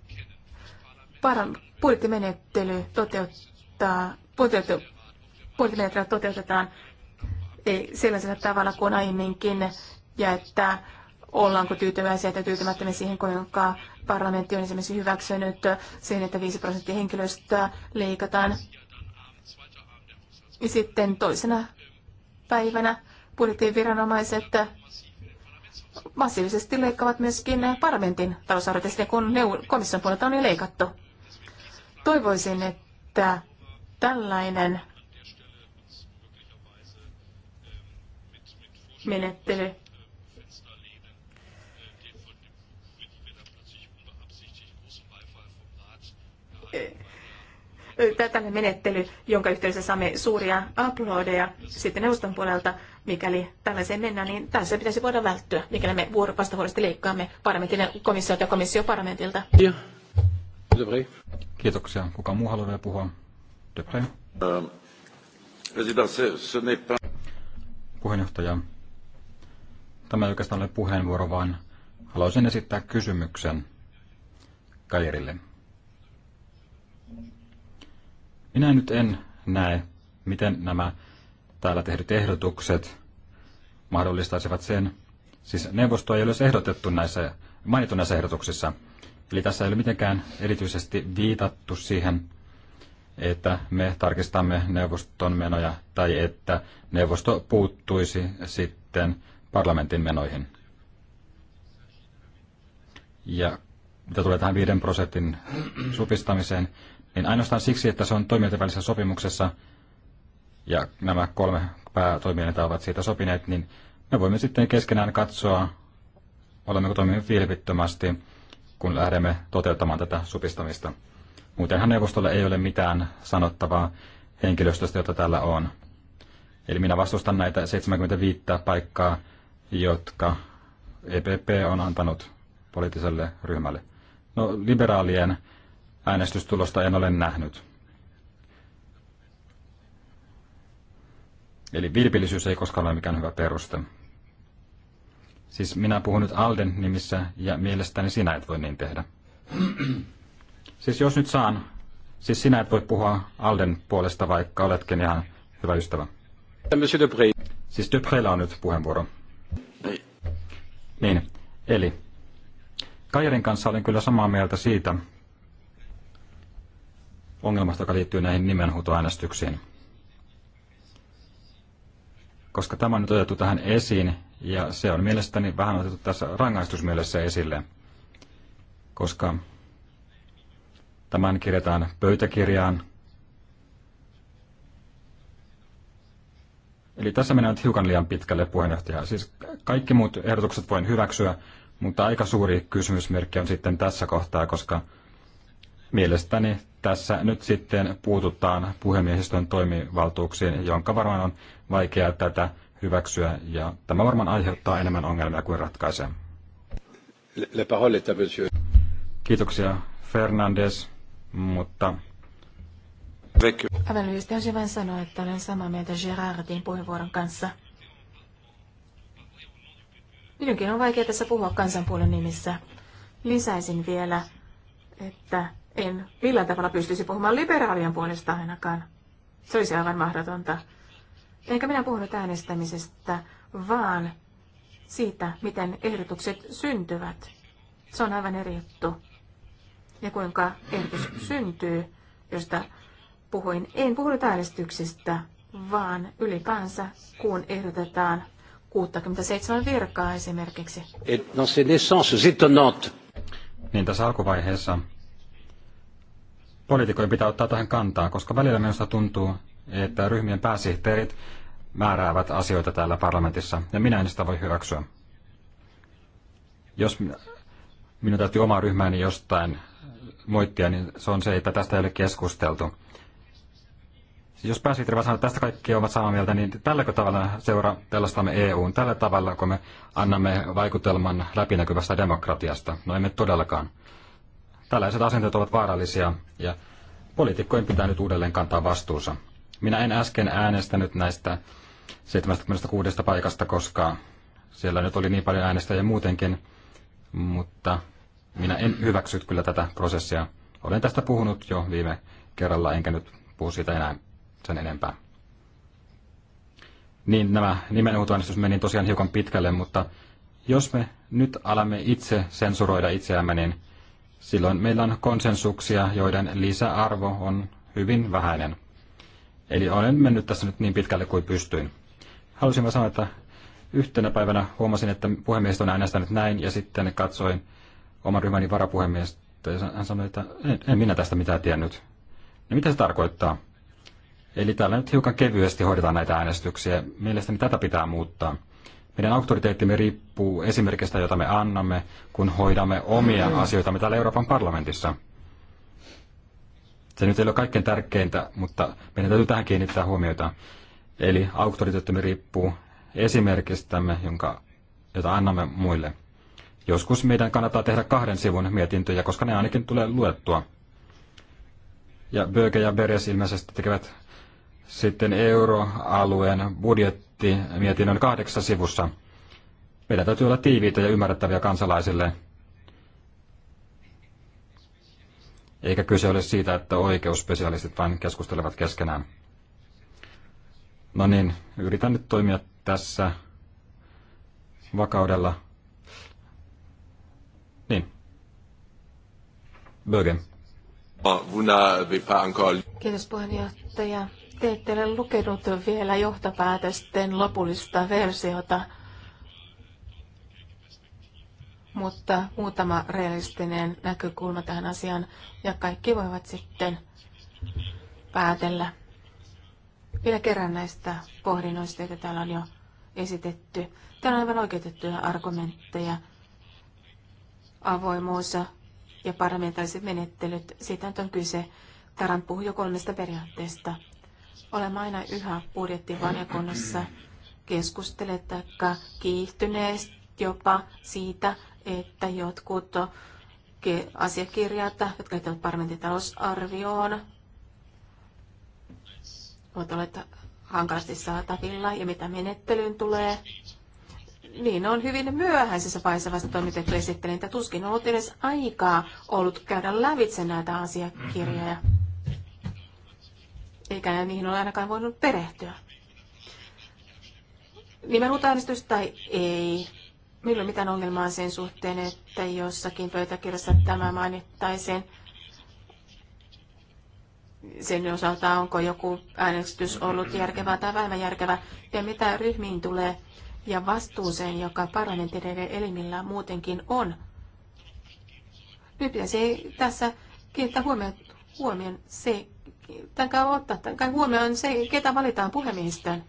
budjettimenettely toteuttaa, budjettimenettely toteutetaan ei sellaisella tavalla kuin aiemminkin, ja että ollaanko tyytyväisiä tai tyytymättömiä siihen, kuinka parlamentti on esimerkiksi hyväksynyt sen, että 5 prosenttia henkilöstöä leikataan. Ja sitten toisena päivänä viranomaiset massiivisesti leikkaavat myöskin parlamentin talousarvioista, kun komission puolelta on jo leikattu. Toivoisin, että tällainen menettely tällainen menettely, jonka yhteydessä saamme suuria aplodeja sitten neuvoston puolelta, mikäli tällaiseen mennään, niin tässä pitäisi voida välttyä, mikäli me vastavuoroisesti leikkaamme parlamentin komissiota ja komissio parlamentilta. Kiitoksia. Kuka muu haluaa vielä puhua? Ähm, Puheenjohtaja, tämä ei oikeastaan ole puheenvuoro, vaan haluaisin esittää kysymyksen Kairille. Minä nyt en näe, miten nämä täällä tehdyt ehdotukset mahdollistaisivat sen. Siis neuvosto ei ole ehdotettu näissä, mainittu näissä ehdotuksissa. Eli tässä ei ole mitenkään erityisesti viitattu siihen, että me tarkistamme neuvoston menoja tai että neuvosto puuttuisi sitten parlamentin menoihin. Ja mitä tulee tähän 5 prosentin supistamiseen, niin ainoastaan siksi, että se on toimijoiden välisessä sopimuksessa ja nämä kolme päätoimijoita ovat siitä sopineet, niin me voimme sitten keskenään katsoa, olemmeko toimineet vilpittömästi, kun lähdemme toteuttamaan tätä supistamista. Muutenhan neuvostolle ei ole mitään sanottavaa henkilöstöstä, jota täällä on. Eli minä vastustan näitä 75 paikkaa, jotka EPP on antanut poliittiselle ryhmälle. No, liberaalien äänestystulosta en ole nähnyt. Eli vilpillisyys ei koskaan ole mikään hyvä peruste. Siis minä puhun nyt Alden nimissä ja mielestäni sinä et voi niin tehdä. siis jos nyt saan, siis sinä et voi puhua Alden puolesta, vaikka oletkin ihan hyvä ystävä. Monsieur Dupré. Siis Duprella on nyt puheenvuoro. Niin, eli Kajarin kanssa olen kyllä samaa mieltä siitä, ongelmasta, joka liittyy näihin nimenhuutoäänestyksiin. Koska tämä on nyt otettu tähän esiin, ja se on mielestäni vähän otettu tässä rangaistusmielessä esille, koska tämän kirjataan pöytäkirjaan. Eli tässä mennään nyt hiukan liian pitkälle puheenjohtaja. Siis kaikki muut ehdotukset voin hyväksyä, mutta aika suuri kysymysmerkki on sitten tässä kohtaa, koska mielestäni tässä nyt sitten puututaan puhemiehistön toimivaltuuksiin, jonka varmaan on vaikea tätä hyväksyä, ja tämä varmaan aiheuttaa enemmän ongelmia kuin ratkaisee. Le, le Kiitoksia Fernandes, mutta... Aivan lyhyesti olisin vain sanoa, että olen samaa mieltä Gerardin puheenvuoron kanssa. Minunkin on vaikea tässä puhua kansanpuolen nimissä. Lisäisin vielä, että en millään tavalla pystyisi puhumaan liberaalien puolesta ainakaan. Se olisi aivan mahdotonta. Enkä minä puhunut äänestämisestä, vaan siitä, miten ehdotukset syntyvät. Se on aivan eri juttu. Ja kuinka ehdotus syntyy, josta puhuin. En puhunut äänestyksistä, vaan ylipäänsä, kun ehdotetaan 67 virkaa esimerkiksi. Et dans ces naissances étonnantes. Niin tässä alkuvaiheessa poliitikkojen pitää ottaa tähän kantaa, koska välillä minusta tuntuu, että ryhmien pääsihteerit määräävät asioita täällä parlamentissa, ja minä en sitä voi hyväksyä. Jos minun täytyy omaa ryhmääni jostain moittia, niin se on se, että tästä ei ole keskusteltu. Jos pääsihteeri vaan sanoo, että tästä kaikki ovat samaa mieltä, niin tälläkö tavalla seura me EUn, tällä tavalla kun me annamme vaikutelman läpinäkyvästä demokratiasta? No emme todellakaan. Tällaiset asenteet ovat vaarallisia ja poliitikkojen pitää nyt uudelleen kantaa vastuunsa. Minä en äsken äänestänyt näistä 76 paikasta, koska siellä nyt oli niin paljon äänestäjiä muutenkin, mutta minä en hyväksy kyllä tätä prosessia. Olen tästä puhunut jo viime kerralla, enkä nyt puhu siitä enää sen enempää. Niin nämä nimenhuutoäänestys meni tosiaan hiukan pitkälle, mutta jos me nyt alamme itse sensuroida itseämme, niin silloin meillä on konsensuksia, joiden lisäarvo on hyvin vähäinen. Eli olen mennyt tässä nyt niin pitkälle kuin pystyin. Halusin vaan sanoa, että yhtenä päivänä huomasin, että puhemies on äänestänyt näin, ja sitten katsoin oman ryhmäni varapuhemiestä, ja hän sanoi, että en, en minä tästä mitään tiennyt. No mitä se tarkoittaa? Eli täällä nyt hiukan kevyesti hoidetaan näitä äänestyksiä. Mielestäni tätä pitää muuttaa. Meidän auktoriteettimme riippuu esimerkistä, jota me annamme, kun hoidamme omia mm. asioitamme täällä Euroopan parlamentissa. Se nyt ei ole kaikkein tärkeintä, mutta meidän täytyy tähän kiinnittää huomiota. Eli auktoriteettimme riippuu esimerkistämme, jonka, jota annamme muille. Joskus meidän kannattaa tehdä kahden sivun mietintöjä, koska ne ainakin tulee luettua. Ja Böke ja Beres ilmeisesti tekevät sitten euroalueen budjetti kommentti mietinnön kahdeksassa sivussa. Meidän täytyy olla tiiviitä ja ymmärrettäviä kansalaisille. Eikä kyse ole siitä, että oikeusspesialistit vain keskustelevat keskenään. No niin, yritän nyt toimia tässä vakaudella. Niin. Bögen. Kiitos puheenjohtaja te ette ole lukenut vielä johtopäätösten lopullista versiota, mutta muutama realistinen näkökulma tähän asiaan ja kaikki voivat sitten päätellä. Vielä kerran näistä pohdinnoista, joita täällä on jo esitetty. Täällä on aivan oikeutettuja argumentteja. Avoimuus ja parlamentaariset menettelyt, siitä on kyse. Taran puhuu jo kolmesta periaatteesta. Olemme aina yhä budjettivaliokunnassa keskustelleet tai kiihtyneet jopa siitä, että jotkut asiakirjat, jotka liittyvät parlamentin talousarvioon, ovat olleet hankalasti saatavilla ja mitä menettelyyn tulee. Niin, on hyvin myöhäisessä vaiheessa vasta toimitettu että Tuskin on ollut edes aikaa ollut käydä lävitse näitä asiakirjoja. Mm-hmm eikä niihin ole ainakaan voinut perehtyä. Nimenhuutoäänestys tai ei, Minulla on mitään ongelmaa sen suhteen, että jossakin pöytäkirjassa tämä mainittaisiin sen osalta, onko joku äänestys ollut järkevää tai vähemmän järkevää, ja mitä ryhmiin tulee, ja vastuuseen, joka parlamentin elimillä muutenkin on. Nyt pitäisi tässä kiinnittää huomioon, huomioon se, kai ottaa tai huomioon se, ketä valitaan puhemiehistään.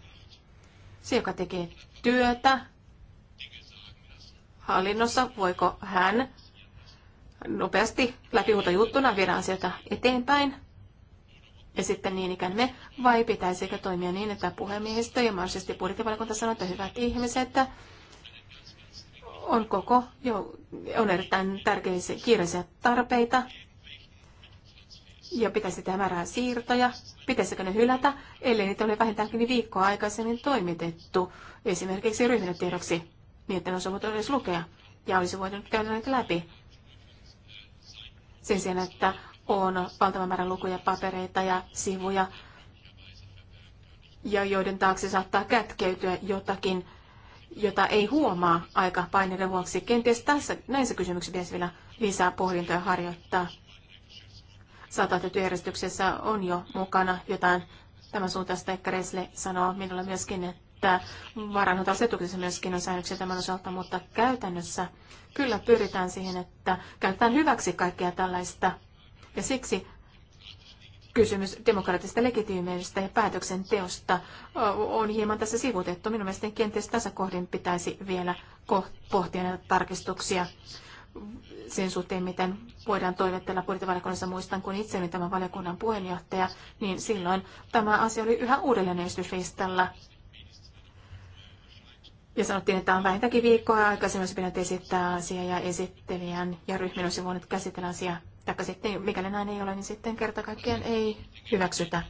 Se, joka tekee työtä hallinnossa, voiko hän nopeasti juttuna viedä asioita eteenpäin. Ja sitten niin ikään me, vai pitäisikö toimia niin, että puhemiehistö ja mahdollisesti budjettivaliokunta sanoo, että hyvät ihmiset, että on koko, jo, on erittäin tärkeisiä kiireisiä tarpeita, ja pitäisi tehdä määrää siirtoja. Pitäisikö ne hylätä, ellei niitä ole vähintäänkin viikkoa aikaisemmin toimitettu, esimerkiksi tiedoksi, niin että ne olisi voitu edes lukea ja olisi voinut käydä näitä läpi. Sen sijaan, että on valtava määrä lukuja, papereita ja sivuja, ja joiden taakse saattaa kätkeytyä jotakin, jota ei huomaa aika paineiden vuoksi. Kenties tässä, näissä kysymyksissä pitäisi vielä lisää pohdintoja harjoittaa saatatyöjärjestyksessä on jo mukana jotain tämän suuntaista. Ehkä Resle sanoo minulle myöskin, että varanhoitoasetuksessa myöskin on säännöksiä tämän osalta, mutta käytännössä kyllä pyritään siihen, että käytetään hyväksi kaikkea tällaista. Ja siksi kysymys demokraattisesta legitiimeistä ja päätöksenteosta on hieman tässä sivutettu. Minun mielestäni kenties tässä kohdin pitäisi vielä pohtia näitä tarkistuksia sen suhteen, miten voidaan toimia täällä budjettivaliokunnassa. Muistan, kun itse olin tämän valiokunnan puheenjohtaja, niin silloin tämä asia oli yhä uudelleen esityslistalla. Ja sanottiin, että on vähintäänkin viikkoa aikaisemmin, olisi pitänyt esittää asiaa ja esittelijän ja ryhmän olisi voinut käsitellä asiaa. Taikka sitten, mikäli näin ei ole, niin sitten kerta kaikkiaan ei hyväksytä.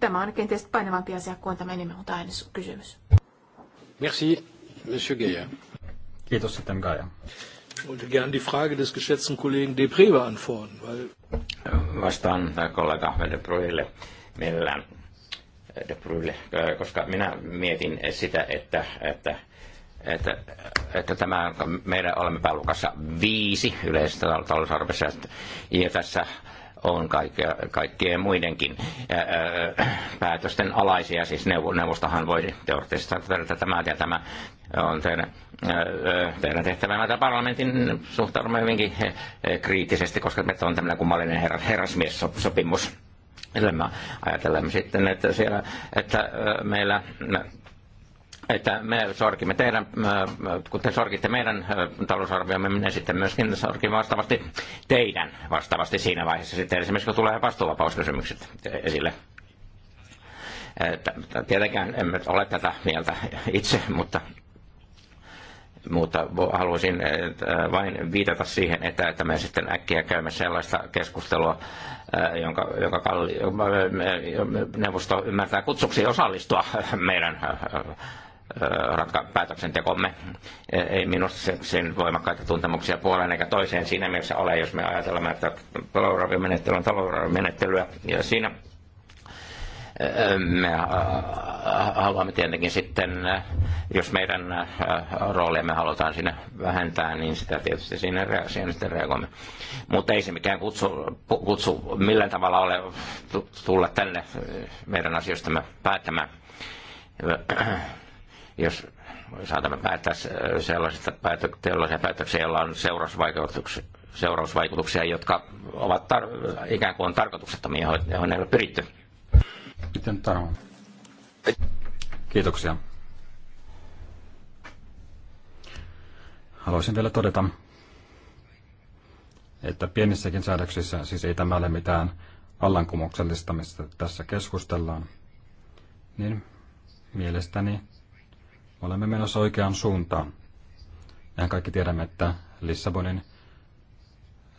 Tämä on kenties painavampi asia kuin tämä kysymys. Merci. Monsieur Geier. Kiitos sitten Geier. Wollte gern die Frage des geschätzten Kollegen Depré beantworten, weil... Vastaan äh, kollega De Bruylle millään. Äh, De Bruylle, äh, koska minä mietin sitä, että, että että, että tämä, meidän olemme pääluokassa viisi yleisessä talousarvessa, ja tässä on kaikkea, kaikkien muidenkin päätösten alaisia. Siis neuvostohan voi teoreettisesti että tämä ja tämä on teidän, teidän tehtävänä. Tämä parlamentin suhtaudumme hyvinkin kriittisesti, koska me on tämmöinen kummallinen herras, herrasmies-sopimus. ajattelemme sitten, että, siellä, että meillä että me sorkimme teidän, äh, äh, kun te sorkitte meidän äh, talousarviomme, me sitten myöskin sorkimme vastaavasti teidän vastaavasti siinä vaiheessa sitten esimerkiksi kun tulee vastuuvapauskysymykset esille. Että, tietenkään emme ole tätä mieltä itse, mutta mutta haluaisin vain viitata siihen, että, että me sitten äkkiä käymme sellaista keskustelua, jonka, jonka kalli, neuvosto ymmärtää kutsuksi osallistua meidän päätöksentekomme. E, ei minusta sen voimakkaita tuntemuksia puoleen eikä toiseen siinä mielessä ole, jos me ajatellaan, että talousarviomenettely on talousarviomenettelyä. Ja siinä me haluamme tietenkin sitten, jos meidän rooliamme halutaan siinä vähentää, niin sitä tietysti siinä, siinä sitten reagoimme. Mutta ei se mikään kutsu, kutsu millään tavalla ole tulla tänne meidän asioistamme päättämään jos saatamme päättää sellaisista päätö- sellaisia päätöksiä, joilla on seurausvaikutuksia, seurausvaikutuksia jotka ovat tar- ikään kuin tarkoituksettomia, joihin ei ole pyritty. Miten Kiitoksia. Haluaisin vielä todeta, että pienissäkin säädöksissä, siis ei tämä ole mitään vallankumouksellista, mistä tässä keskustellaan, niin mielestäni olemme menossa oikeaan suuntaan. Mehän kaikki tiedämme, että Lissabonin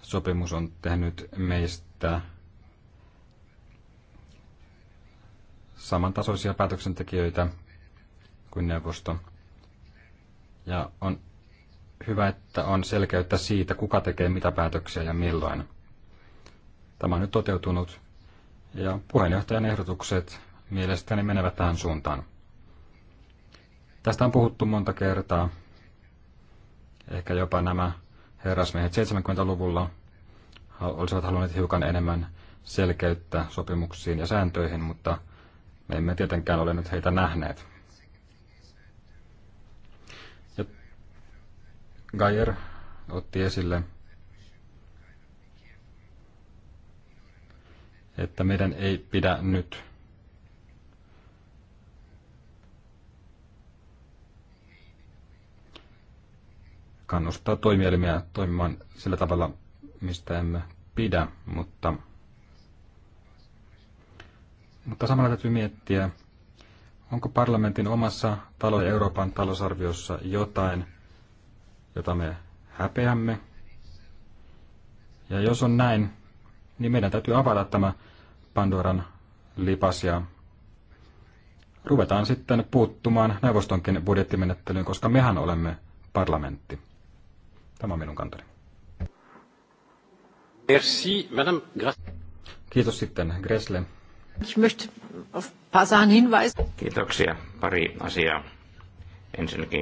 sopimus on tehnyt meistä samantasoisia päätöksentekijöitä kuin neuvosto. Ja on hyvä, että on selkeyttä siitä, kuka tekee mitä päätöksiä ja milloin. Tämä on nyt toteutunut ja puheenjohtajan ehdotukset mielestäni menevät tähän suuntaan. Tästä on puhuttu monta kertaa. Ehkä jopa nämä herrasmiehet 70-luvulla olisivat halunneet hiukan enemmän selkeyttä sopimuksiin ja sääntöihin, mutta me emme tietenkään ole nyt heitä nähneet. Ja Geyer otti esille, että meidän ei pidä nyt kannustaa toimielimiä toimimaan sillä tavalla, mistä emme pidä, mutta, mutta samalla täytyy miettiä, onko parlamentin omassa talo- ja Euroopan talousarviossa jotain, jota me häpeämme. Ja jos on näin, niin meidän täytyy avata tämä Pandoran lipas ja ruvetaan sitten puuttumaan neuvostonkin budjettimenettelyyn, koska mehän olemme parlamentti. Tämä on minun kantani. Merci, Madame Kiitos sitten Gressle. Ich möchte auf paar hinweisen. Kiitoksia. Pari asiaa. Ensinnäkin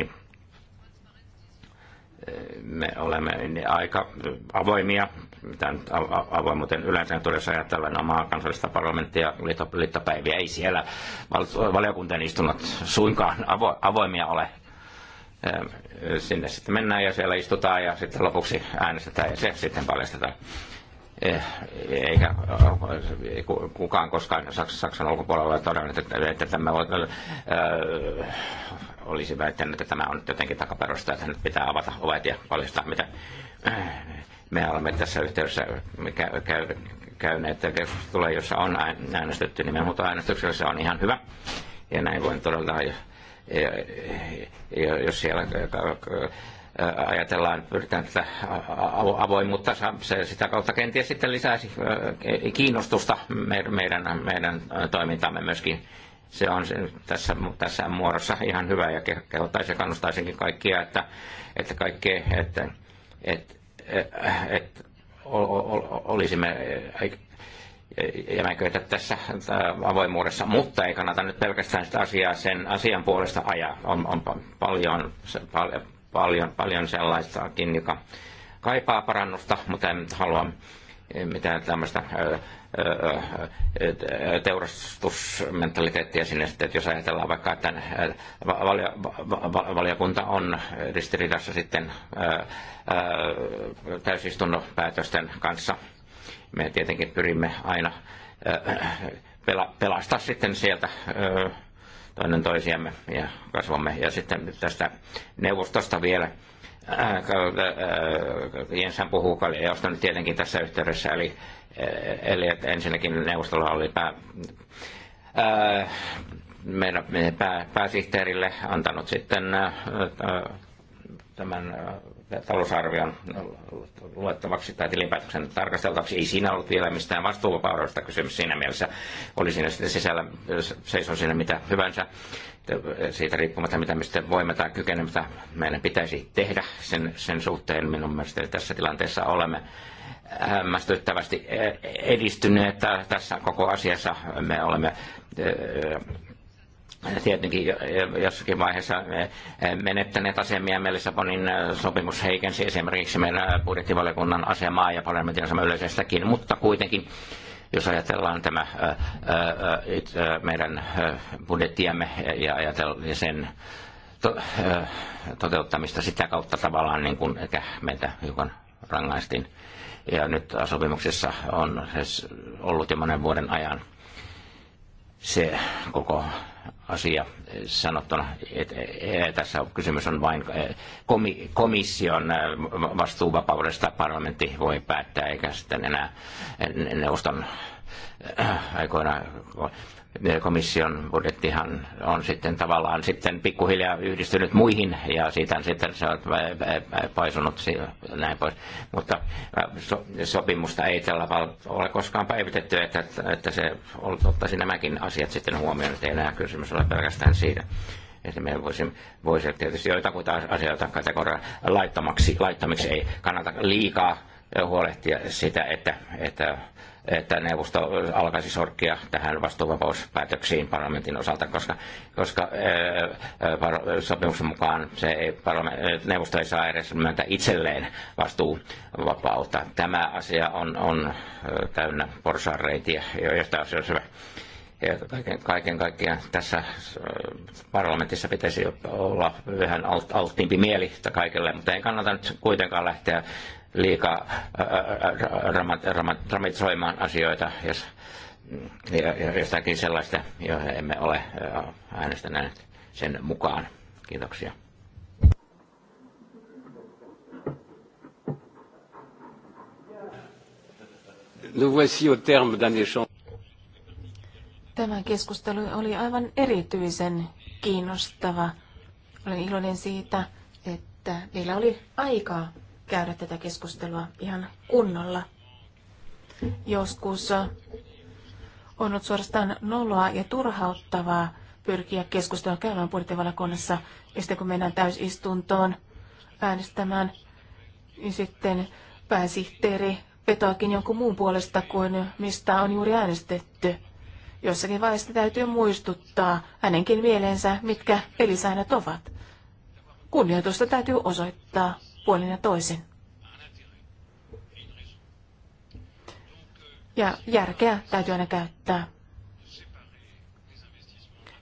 eh, me olemme aika avoimia, mitä nyt avoimuuteen yleensä tulisi ajatellen omaa kansallista parlamenttia liittopäiviä. Ei siellä valiokuntien istunnot suinkaan avoimia ole sinne sitten mennään ja siellä istutaan ja sitten lopuksi äänestetään ja se sitten paljastetaan. Eh, eikä eh, kukaan koskaan Saksan, Saksan ulkopuolella todennut, että, että tämä on öö, olisi väittänyt, että tämä on nyt jotenkin takaperusta, että nyt pitää avata ovet ja paljastaa, mitä me olemme tässä yhteydessä käy, käy, käyneet tulee jossa on äänestetty, niin mutta äänestyksessä on ihan hyvä. Ja näin voin todella jos siellä ajatellaan, pyritään tätä avoimuutta, se sitä kautta kenties sitten lisäisi kiinnostusta meidän, meidän toimintamme myöskin. Se on tässä, tässä muodossa ihan hyvä ja kehottaisin ja kannustaisinkin kaikkia, että, että kaikkea, että, että, että olisimme jämäköitä tässä äh, avoimuudessa, mutta ei kannata nyt pelkästään sitä asiaa sen asian puolesta ajaa. On, on paljon, paljon, paljon sellaistakin, joka kaipaa parannusta, mutta en halua eh, mitään tämmöistä äh, äh, teurastusmentaliteettia sinne, että jos ajatellaan vaikka, että valiokunta on ristiriidassa sitten päätösten kanssa – me tietenkin pyrimme aina äh, pelastaa sitten sieltä äh, toinen toisiamme ja kasvamme. Ja sitten tästä neuvostosta vielä. Äh, Jensen puhuu Kaljaosta nyt tietenkin tässä yhteydessä, eli, eli että ensinnäkin neuvostolla oli pää, ää, meidän, meidän pää, pääsihteerille antanut sitten ää, tämän talousarvion luettavaksi tai tilinpäätöksen tarkasteltavaksi. Ei siinä ollut vielä mistään vastuuvapaudesta kysymys siinä mielessä. Oli siinä sitten sisällä, seison siinä mitä hyvänsä. Siitä riippumatta, mitä me sitten voimme tai kykenemme, mitä meidän pitäisi tehdä sen, sen suhteen, minun mielestäni tässä tilanteessa olemme hämmästyttävästi edistyneet tässä koko asiassa. Me olemme tietenkin jossakin vaiheessa eh, eh, menettäneet asemia. Meillä Lissabonin eh, sopimus heikensi esimerkiksi meidän budjettivaliokunnan asemaa ja parlamentin asemaa yleisestäkin, mutta kuitenkin jos ajatellaan tämä meidän budjettiamme ja ajatellaan sen toteuttamista sitä kautta tavallaan, niin kuin ehkä meitä hiukan rangaistiin. Ja nyt sopimuksessa on siis ollut jo monen vuoden ajan se koko asia sanottuna, että e, e, tässä kysymys on vain e, komission vastuuvapaudesta parlamentti voi päättää, eikä sitten enää neuvoston aikoina komission budjettihan on sitten tavallaan sitten pikkuhiljaa yhdistynyt muihin ja siitä sitten se on paisunut näin pois. Mutta so, sopimusta ei tällä ole koskaan päivitetty, että, että se ottaisi nämäkin asiat sitten huomioon, että ei enää kysymys ole pelkästään siitä. Että me voisi, voisi tietysti joitakuita asioita kategoria laittomaksi, laittomiksi ei kannata liikaa huolehtia sitä, että, että että neuvosto äh, alkaisi sorkkia tähän vastuuvapauspäätöksiin parlamentin osalta, koska, koska ää, äh, äh, sopimuksen mukaan se ei, neuvosto ei saa edes myöntää itselleen vastuuvapautta. Tämä asia on, on täynnä porsaanreikiä, josta on hyvä. Ja kaiken, kaiken kaikkiaan tässä parlamentissa pitäisi olla vähän alt, alttiimpi mieli kaikille, mutta ei kannata nyt kuitenkaan lähteä liikaa ramitsoimaan asioita, jos jostakin sellaista, johon emme ole äänestäneet sen mukaan. Kiitoksia. Tämä keskustelu oli aivan erityisen kiinnostava. Olen iloinen siitä, että meillä oli aikaa käydä tätä keskustelua ihan kunnolla. Joskus on ollut suorastaan noloa ja turhauttavaa pyrkiä keskustelua käymään budjettivaliokunnassa. Ja sitten kun mennään täysistuntoon äänestämään, niin sitten pääsihteeri vetoakin jonkun muun puolesta kuin mistä on juuri äänestetty. Jossakin vaiheessa täytyy muistuttaa hänenkin mieleensä, mitkä pelisäännöt ovat. Kunnioitusta täytyy osoittaa puolin ja toisin. Ja järkeä täytyy aina käyttää.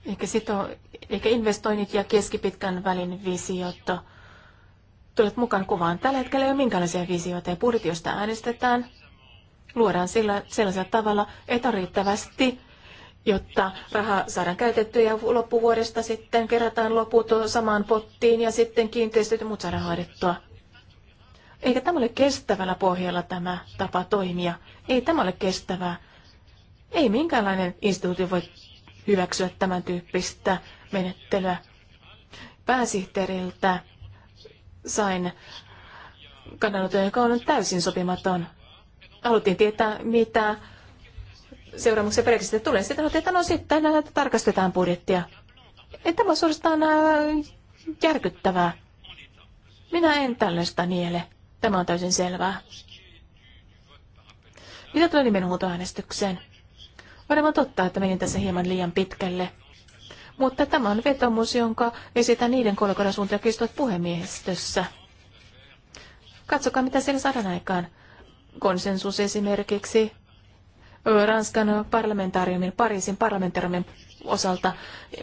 Ehkä, sito, ehkä investoinnit ja keskipitkän välin visiot tulet mukaan kuvaan. Tällä hetkellä ei ole minkäänlaisia visioita ja budjetiosta äänestetään. Luodaan sillä, sellaisella tavalla, että riittävästi, jotta raha saadaan käytettyä ja loppuvuodesta sitten kerätään loput samaan pottiin ja sitten kiinteistöt ja muut saadaan hoidettua. Eikä tämä ole kestävällä pohjalla tämä tapa toimia. Ei tämä ole kestävää. Ei minkäänlainen instituutio voi hyväksyä tämän tyyppistä menettelyä. Pääsihteeriltä sain kannanoton, joka on täysin sopimaton. Haluttiin tietää, mitä seuraamuksia Brexitistä tulee. Sitten haluttiin, että no sitten tarkastetaan budjettia. Ei tämä on suorastaan äh, järkyttävää. Minä en tällaista niele. Tämä on täysin selvää. Mitä tulee nimenhuutoäänestykseen? Varmaan totta, että menin tässä hieman liian pitkälle. Mutta tämä on vetomus, jonka esitän niiden kollegoiden suuntaan, puhemiehistössä. Katsokaa, mitä siellä saadaan aikaan. Konsensus esimerkiksi Ranskan parlamentaariumin, Pariisin parlamentaariumin osalta.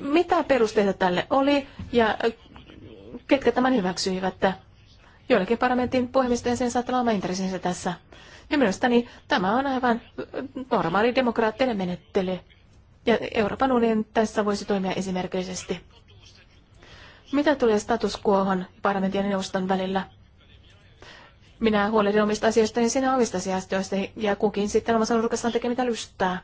Mitä perusteita tälle oli ja ketkä tämän hyväksyivät? joillekin parlamentin puhemisten sen saattaa olla intressinsä tässä. Ja mielestäni tämä on aivan äh, normaali demokraattinen menettely. Ja Euroopan unionin tässä voisi toimia esimerkiksi. Mitä tulee status quohon parlamentin ja neuvoston välillä? Minä huolehdin omista asioistani, niin sinä omista asioista, ja kukin sitten omassa nurkassaan tekee mitä lystää.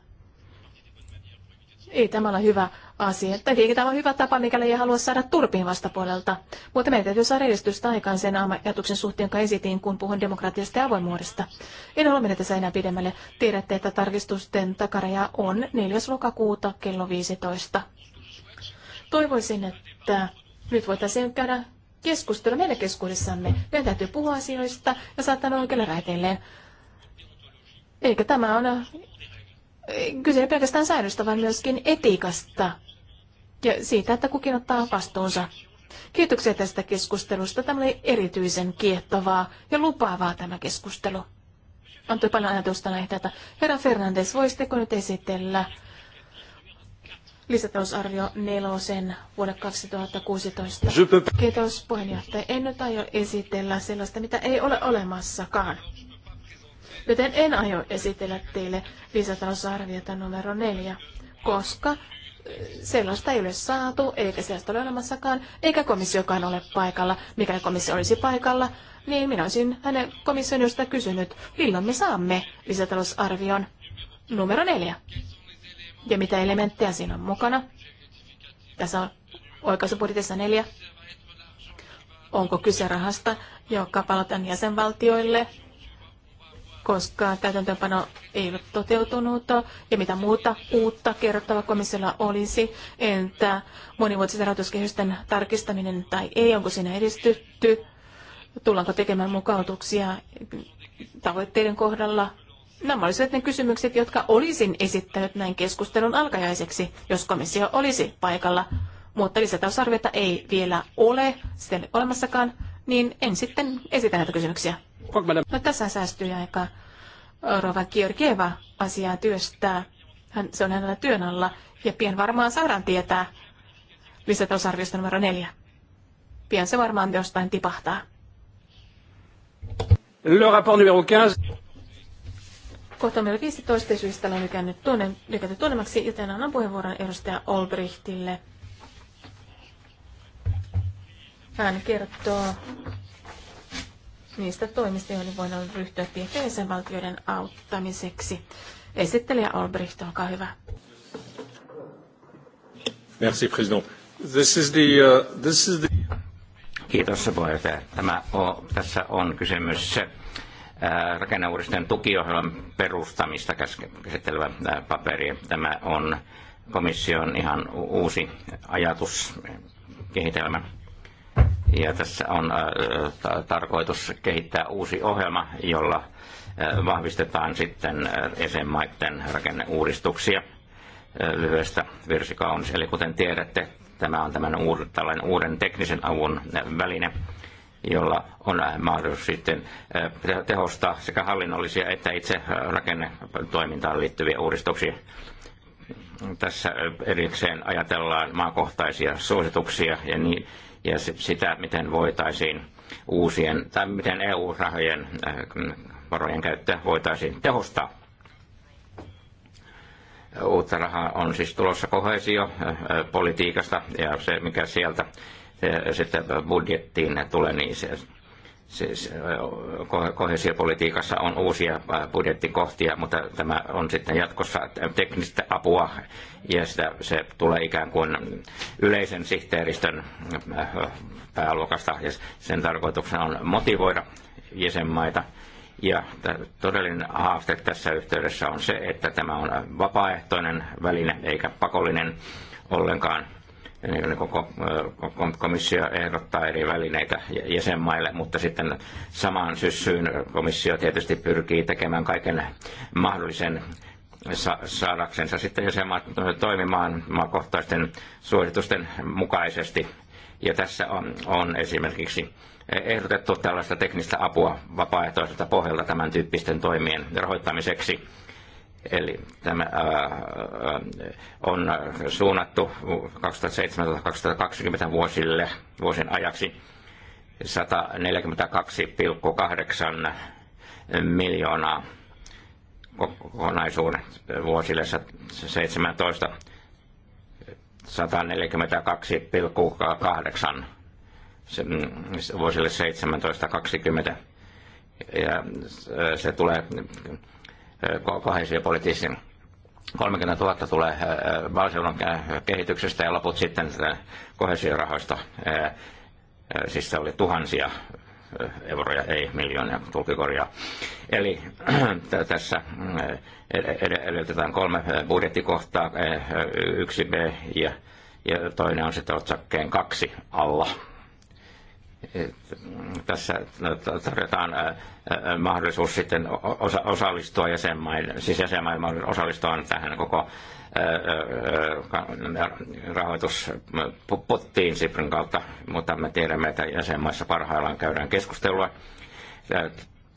Ei tämä ole hyvä asia. Tai tämä on hyvä tapa, mikäli ei halua saada turpiin vastapuolelta. Mutta meidän täytyy saada edistystä aikaan sen ajatuksen suhteen, jonka esitin, kun puhun demokratiasta ja avoimuudesta. En halua mennä tässä enää pidemmälle. Tiedätte, että tarkistusten takaraja on 4. lokakuuta kello 15. Toivoisin, että nyt voitaisiin käydä keskustelua meidän keskuudessamme. Meidän täytyy puhua asioista ja saattaa ne oikealle raiteilleen. Eikä tämä on kyse ei pelkästään säädöstä, vaan myöskin etiikasta ja siitä, että kukin ottaa vastuunsa. Kiitoksia tästä keskustelusta. Tämä oli erityisen kiehtovaa ja lupaavaa tämä keskustelu. Antoi paljon ajatusta näitä, että herra Fernandes, voisitteko nyt esitellä lisätalousarvio nelosen vuoden 2016. Kiitos puheenjohtaja. En nyt aio esitellä sellaista, mitä ei ole olemassakaan joten en aio esitellä teille lisätalousarviota numero neljä, koska sellaista ei ole saatu, eikä sellaista ole olemassakaan, eikä komissiokaan ole paikalla. Mikäli komissio olisi paikalla, niin minä olisin hänen komissionista kysynyt, milloin me saamme lisätalousarvion numero neljä. Ja mitä elementtejä siinä on mukana? Tässä on oikaisubudjetissa neljä. Onko kyse rahasta, joka palautetaan jäsenvaltioille koska täytäntöönpano ei ole toteutunut ja mitä muuta uutta kerrottavaa komissiolla olisi, entä monivuotisten rahoituskehysten tarkistaminen tai ei, onko siinä edistytty, tullaanko tekemään mukautuksia tavoitteiden kohdalla. Nämä olisivat ne kysymykset, jotka olisin esittänyt näin keskustelun alkajaiseksi, jos komissio olisi paikalla. Mutta lisätalousarviota ei vielä ole, sitä ei ole olemassakaan niin en sitten esitä näitä kysymyksiä. No tässä säästyy aika. Rova Georgieva asiaa työstää. Hän, se on hänellä työn alla ja pian varmaan saadaan tietää lisätalousarviosta numero neljä. Pian se varmaan jostain tipahtaa. Le rapport numero 15. Kohta meillä 15 syystä on lykännyt tuonne, lykätty tuonnemmaksi, joten annan puheenvuoron edustaja Olbrichtille. Hän kertoo niistä toimista, joihin voidaan ryhtyä tieteen valtioiden auttamiseksi. Esittelijä Albrecht, olkaa hyvä. Merci, president. This is the, uh, this is the... Kiitos puheenjohtaja. Tämä on, tässä on kysymys rakenneuudistajan tukiohjelman perustamista käsittelevä paperi. Tämä on komission ihan uusi ajatus, kehitelmä ja tässä on äh, tarkoitus kehittää uusi ohjelma, jolla äh, vahvistetaan sitten äh, jäsenmaiden rakenneuudistuksia lyhyestä virsikaunis. Eli kuten tiedätte, tämä on tämän uuden, tällainen uuden teknisen avun väline, jolla on mahdollisuus sitten tehostaa sekä hallinnollisia että itse rakennetoimintaan liittyviä uudistuksia. Tässä erikseen ajatellaan maakohtaisia suosituksia ja niin, ja sitä, miten voitaisiin uusien tai miten EU-rahojen äh, varojen käyttöä voitaisiin tehostaa. Uutta rahaa on siis tulossa kohesio äh, politiikasta ja se, mikä sieltä sitten budjettiin tulee, niin se siis kohesiopolitiikassa on uusia budjettikohtia, mutta tämä on sitten jatkossa teknistä apua ja sitä, se tulee ikään kuin yleisen sihteeristön pääluokasta ja sen tarkoituksena on motivoida jäsenmaita. Ja todellinen haaste tässä yhteydessä on se, että tämä on vapaaehtoinen väline eikä pakollinen ollenkaan – niin koko äh, komissio ehdottaa eri välineitä jäsenmaille, mutta sitten samaan syssyyn komissio tietysti pyrkii tekemään kaiken mahdollisen saadaksensa sitten jäsenmaat äh, toimimaan maakohtaisten suositusten mukaisesti. Ja tässä on, on esimerkiksi ehdotettu tällaista teknistä apua vapaaehtoiselta pohjalta tämän tyyppisten toimien rahoittamiseksi Eli tämä on suunnattu 2017-2020 vuosille, vuosien ajaksi 142,8 miljoonaa kokonaisuuden vuosille 17 142,8 mm, vuosille 17-20. Ja se tulee kohesiopolitiikan 30 000 tulee Barcelonan kehityksestä ja loput sitten kohesiorahoista. Siis se oli tuhansia euroja, ei miljoonia, tulkikorjaa. Eli *clears throat* tässä edellytetään kolme budjettikohtaa, yksi B ja, ja toinen on sitten otsakkeen kaksi alla tässä no, tarjotaan mahdollisuus sitten osallistua jäsenmaille, siis jäsenmaille osallistua tähän koko rahoituspottiin Siprin kautta, mutta me tiedämme, että jäsenmaissa parhaillaan käydään keskustelua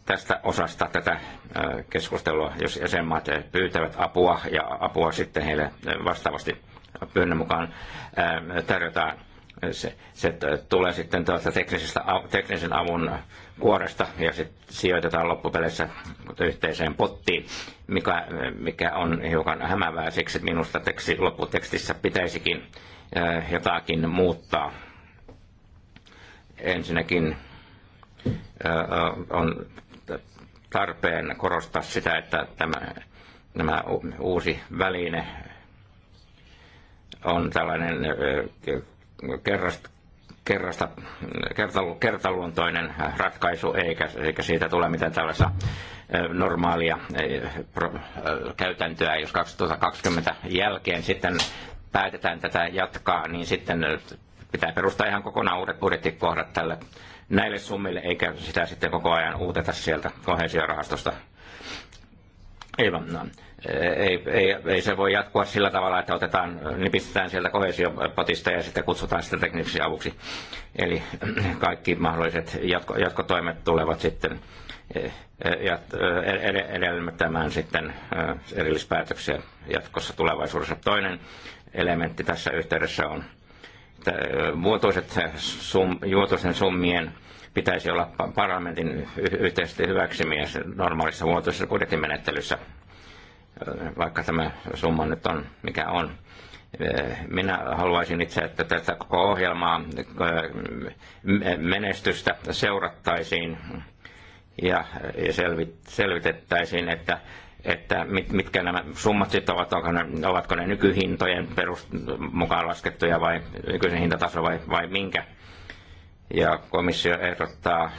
tästä osasta tätä keskustelua, jos jäsenmaat pyytävät apua ja apua sitten heille vastaavasti pyynnön mukaan tarjotaan se, se tulee sitten tuosta teknisestä, teknisen avun kuoresta ja sitten sijoitetaan loppupeleissä yhteiseen pottiin, mikä, mikä on hiukan hämävää siksi, että minusta teksti, lopputekstissä pitäisikin eh, jotakin muuttaa. Ensinnäkin eh, on tarpeen korostaa sitä, että tämä, nämä uusi väline on tällainen eh, kerrasta, kerrasta, kertalu, kertaluontoinen ratkaisu, eikä, eikä siitä tule mitään tällaista normaalia käytäntöä. Jos 2020 jälkeen sitten päätetään tätä jatkaa, niin sitten pitää perustaa ihan kokonaan uudet budjettikohdat tälle näille summille, eikä sitä sitten koko ajan uuteta sieltä kohesiorahastosta. Ei vaan. No ei, ei, ei se voi jatkua sillä tavalla, että otetaan, nipistetään sieltä kohesiopotista ja sitten kutsutaan sitä tekniseksi avuksi. Eli kaikki mahdolliset jatko, jatkotoimet tulevat sitten eh, eh, edellyttämään sitten eh, erillispäätöksiä jatkossa tulevaisuudessa. Toinen elementti tässä yhteydessä on, että vuotuiset sum, vuotuisen summien pitäisi olla parlamentin yhteisesti hyväksymiä normaalissa vuotuisessa budjettimenettelyssä vaikka tämä summa nyt on mikä on. Minä haluaisin itse, että tätä koko ohjelmaa menestystä seurattaisiin ja selvitettäisiin, että että mit, mitkä nämä summat sitten ovat, onko ne, ovatko ne nykyhintojen perust, mukaan laskettuja vai nykyisen hintataso vai, vai minkä. Ja komissio ehdottaa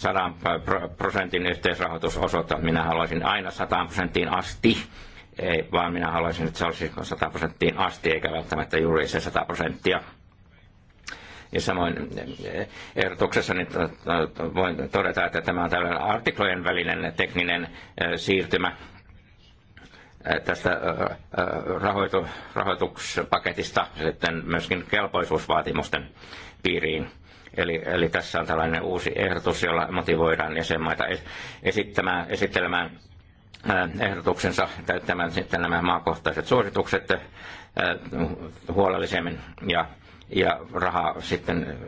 100 prosentin että Minä haluaisin aina 100 prosenttiin asti, ei, vaan minä haluaisin, että se olisi 100 prosenttiin asti, eikä välttämättä juuri se 100 prosenttia. Ja samoin e, ehdotuksessa niin voin todeta, että tämä on tällainen artiklojen välinen tekninen siirtymä tästä rahoituspaketista sitten myöskin kelpoisuusvaatimusten piiriin Eli, eli tässä on tällainen uusi ehdotus, jolla motivoidaan jäsenmaita esittämään, esittelemään ehdotuksensa täyttämään sitten nämä maakohtaiset suositukset huolellisemmin ja, ja raha sitten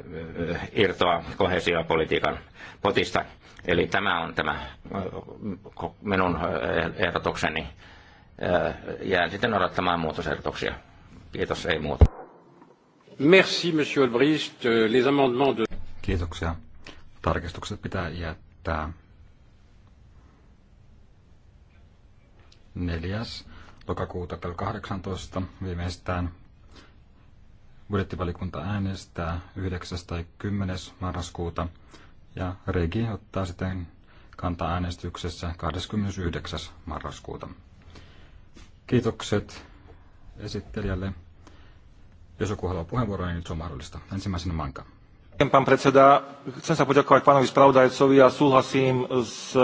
irtoa kohesiopolitiikan potista. Eli tämä on tämä minun ehdotukseni. Jään sitten odottamaan muutosehdotuksia. Kiitos, ei muuta. Merci, monsieur Olbricht. Les amendements de... Kiitoksia. Tarkistukset pitää jättää 4. lokakuuta kello 18 viimeistään. Budjettivalikunta äänestää 9. tai 10. marraskuuta ja Regi ottaa sitten kantaa äänestyksessä 29. marraskuuta. Kiitokset esittelijälle. Jos joku haluaa puheenvuoron, niin nyt se on mahdollista. Ensimmäisenä Manka. Pan predseda, chcem sa poďakovať pánovi spravodajcovi a súhlasím s...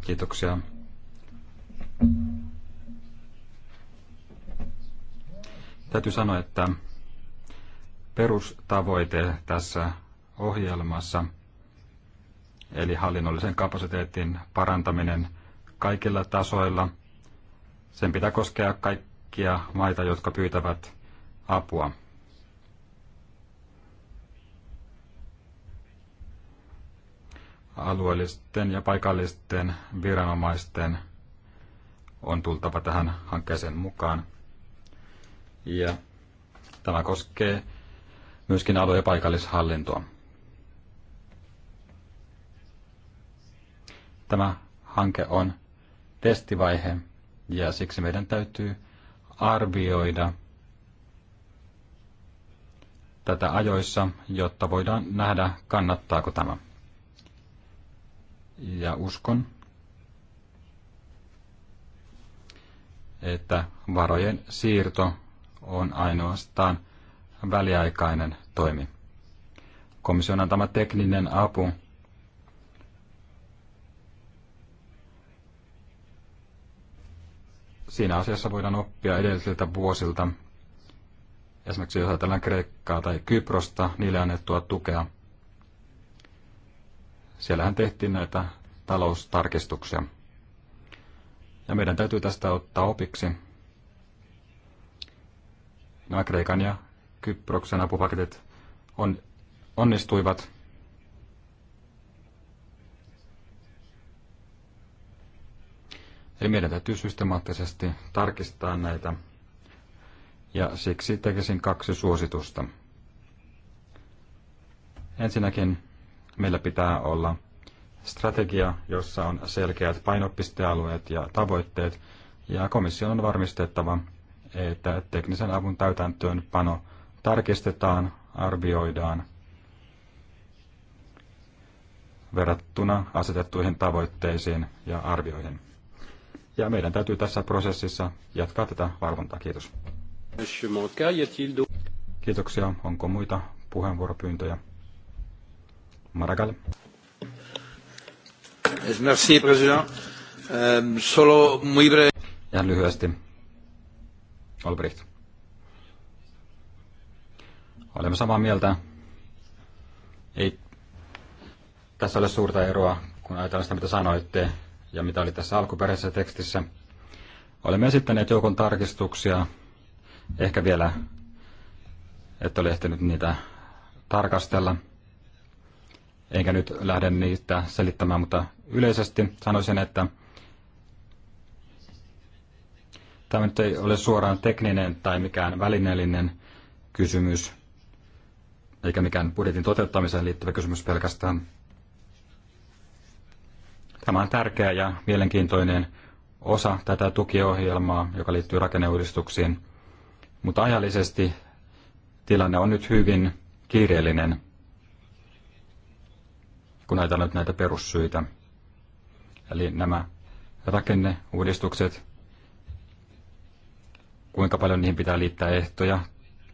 Kiitoksia. Täytyy sanoa, että perustavoite tässä ohjelmassa, eli hallinnollisen kapasiteetin parantaminen kaikilla tasoilla, sen pitää koskea kaikkia maita, jotka pyytävät apua. alueellisten ja paikallisten viranomaisten on tultava tähän hankkeeseen mukaan. Ja tämä koskee myöskin alue- ja paikallishallintoa. Tämä hanke on testivaihe ja siksi meidän täytyy arvioida tätä ajoissa, jotta voidaan nähdä, kannattaako tämä. Ja uskon, että varojen siirto on ainoastaan väliaikainen toimi. Komission antama tekninen apu siinä asiassa voidaan oppia edellisiltä vuosilta. Esimerkiksi jos ajatellaan Kreikkaa tai Kyprosta, niille annettua tukea. Siellähän tehtiin näitä taloustarkistuksia. Ja meidän täytyy tästä ottaa opiksi. Nämä Kreikan ja Kyproksen apupaketit on, onnistuivat. Eli meidän täytyy systemaattisesti tarkistaa näitä. Ja siksi tekisin kaksi suositusta. Ensinnäkin Meillä pitää olla strategia, jossa on selkeät painopistealueet ja tavoitteet, ja komission on varmistettava, että teknisen avun täytäntöönpano tarkistetaan, arvioidaan verrattuna asetettuihin tavoitteisiin ja arvioihin. Ja meidän täytyy tässä prosessissa jatkaa tätä valvontaa. Kiitos. Kiitoksia. Onko muita puheenvuoropyyntöjä? Maragall. Merci, president. Solo muy breve. Ihan lyhyesti. Olbricht. Olemme samaa mieltä. Ei tässä ole suurta eroa, kun ajatellaan sitä, mitä sanoitte ja mitä oli tässä alkuperäisessä tekstissä. Olemme esittäneet joukon tarkistuksia, ehkä vielä, että ole ehtinyt niitä tarkastella enkä nyt lähde niitä selittämään, mutta yleisesti sanoisin, että tämä nyt ei ole suoraan tekninen tai mikään välineellinen kysymys, eikä mikään budjetin toteuttamiseen liittyvä kysymys pelkästään. Tämä on tärkeä ja mielenkiintoinen osa tätä tukiohjelmaa, joka liittyy rakenneuudistuksiin, mutta ajallisesti tilanne on nyt hyvin kiireellinen kun ajatellaan näitä perussyitä. Eli nämä rakenneuudistukset, kuinka paljon niihin pitää liittää ehtoja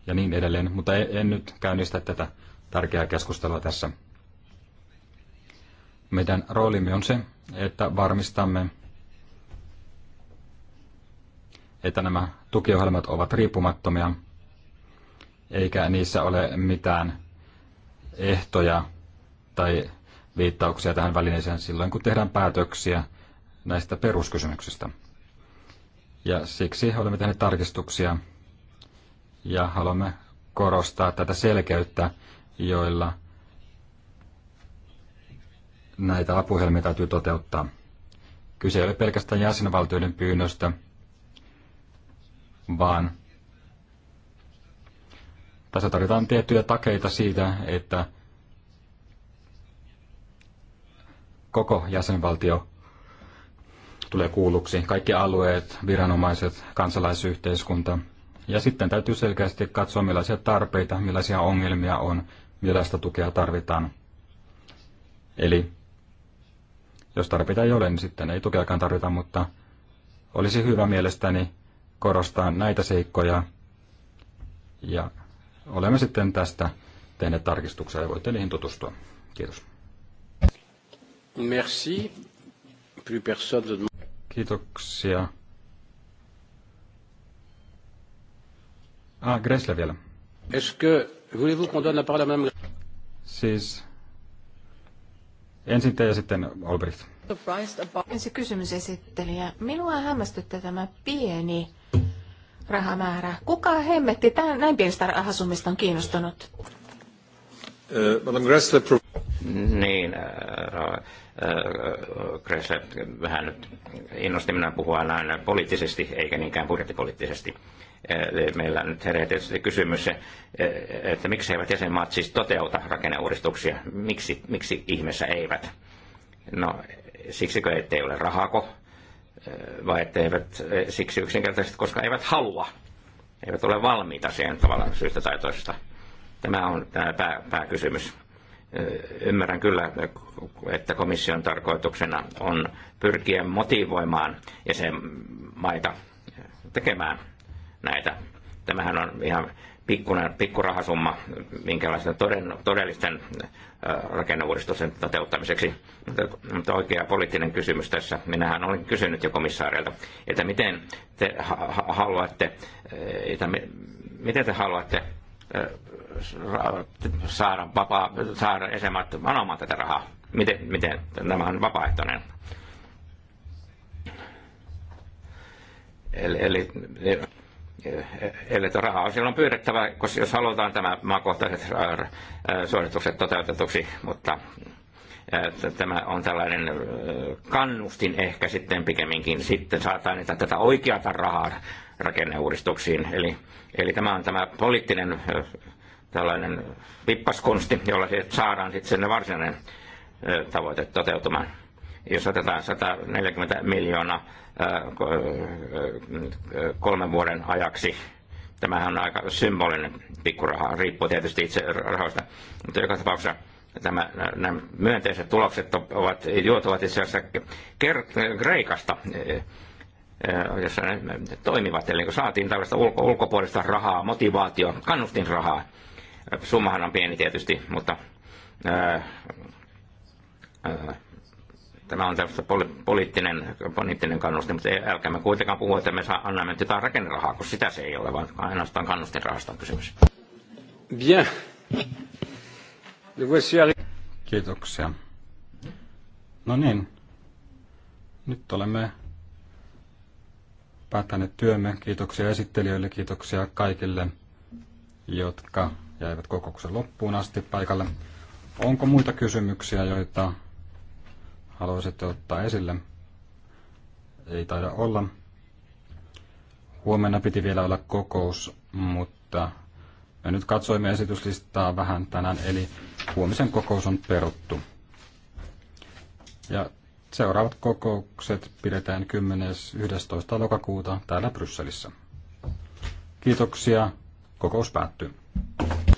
ja niin edelleen, mutta e- en nyt käynnistä tätä tärkeää keskustelua tässä. Meidän roolimme on se, että varmistamme, että nämä tukiohjelmat ovat riippumattomia, eikä niissä ole mitään ehtoja tai viittauksia tähän välineeseen silloin, kun tehdään päätöksiä näistä peruskysymyksistä. Ja siksi olemme tehneet tarkistuksia ja haluamme korostaa tätä selkeyttä, joilla näitä apuhelmia täytyy toteuttaa. Kyse ei ole pelkästään jäsenvaltioiden pyynnöstä, vaan tässä tarvitaan tiettyjä takeita siitä, että koko jäsenvaltio tulee kuulluksi, kaikki alueet, viranomaiset, kansalaisyhteiskunta. Ja sitten täytyy selkeästi katsoa, millaisia tarpeita, millaisia ongelmia on, millaista tukea tarvitaan. Eli jos tarpeita ei ole, niin sitten ei tukeakaan tarvita, mutta olisi hyvä mielestäni korostaa näitä seikkoja. Ja olemme sitten tästä tehneet tarkistuksia ja voitte niihin tutustua. Kiitos. Merci. Plus personne Kiitoksia. Ah, Gressle vielä. Est-ce que voulez-vous qu'on donne la parole à Madame Siis ensin te ja sitten Albrecht. Ensi kysymys esittelijä. Minua hämmästyttää tämä pieni rahamäärä. Kuka hemmetti Tämä näin pienestä rahasummista on kiinnostunut? Eh, madame niin, Kressle, äh, äh, äh, vähän nyt innosti minä puhua aina poliittisesti, eikä niinkään budjettipoliittisesti. Meillä nyt herää tietysti kysymys, että miksi eivät jäsenmaat siis toteuta rakenneuudistuksia? Miksi, miksi ihmeessä eivät? No, siksikö ettei ole rahako? Vai etteivät siksi yksinkertaisesti, koska eivät halua? Eivät ole valmiita siihen tavallaan syystä tai toisesta. Tämä on tämä pää, pääkysymys Ymmärrän kyllä, että komission tarkoituksena on pyrkiä motivoimaan jäsenmaita tekemään näitä. Tämähän on ihan pikkunen, pikkurahasumma minkälaisten toden, todellisten rakenneuudistusten toteuttamiseksi. Mutta, mutta oikea poliittinen kysymys tässä. Minähän olen kysynyt jo komissaarilta, että miten te haluatte, että me, miten te haluatte saada, vapaa, saada jäsenmaat anomaan tätä rahaa. Miten, miten tämä on vapaaehtoinen? Eli, eli, eli rahaa on silloin pyydettävä, koska jos halutaan tämä maakohtaiset suoritukset toteutetuksi, mutta tämä on tällainen kannustin ehkä sitten pikemminkin sitten saattaa niitä tätä oikeata rahaa rakenneuudistuksiin. Eli, eli tämä on tämä poliittinen tällainen pippaskonsti, jolla saadaan sitten se varsinainen tavoite toteutumaan. Jos otetaan 140 miljoonaa kolmen vuoden ajaksi, tämähän on aika symbolinen pikkuraha, riippuu tietysti itse rahoista, mutta joka tapauksessa tämä, nämä myönteiset tulokset ovat, juotuvat itse asiassa Kreikasta, jossa ne toimivat. Eli kun saatiin tällaista ulko, ulkopuolista rahaa, motivaatio, kannustinrahaa, Summahan on pieni tietysti, mutta ää, ää, tämä on tämmöistä poli- poliittinen, poliittinen kannuste, mutta älkää me kuitenkaan puhu, että me saa, annamme jotain rakennerahaa, kun sitä se ei ole, vaan ainoastaan kannustinrahasta on kysymys. Bien. Kiitoksia. No niin, nyt olemme päättäneet työmme. Kiitoksia esittelijöille, kiitoksia kaikille, jotka jäivät kokouksen loppuun asti paikalle. Onko muita kysymyksiä, joita haluaisitte ottaa esille? Ei taida olla. Huomenna piti vielä olla kokous, mutta me nyt katsoimme esityslistaa vähän tänään, eli huomisen kokous on peruttu. Ja seuraavat kokoukset pidetään 10.11. lokakuuta täällä Brysselissä. Kiitoksia. Kokous päättyy.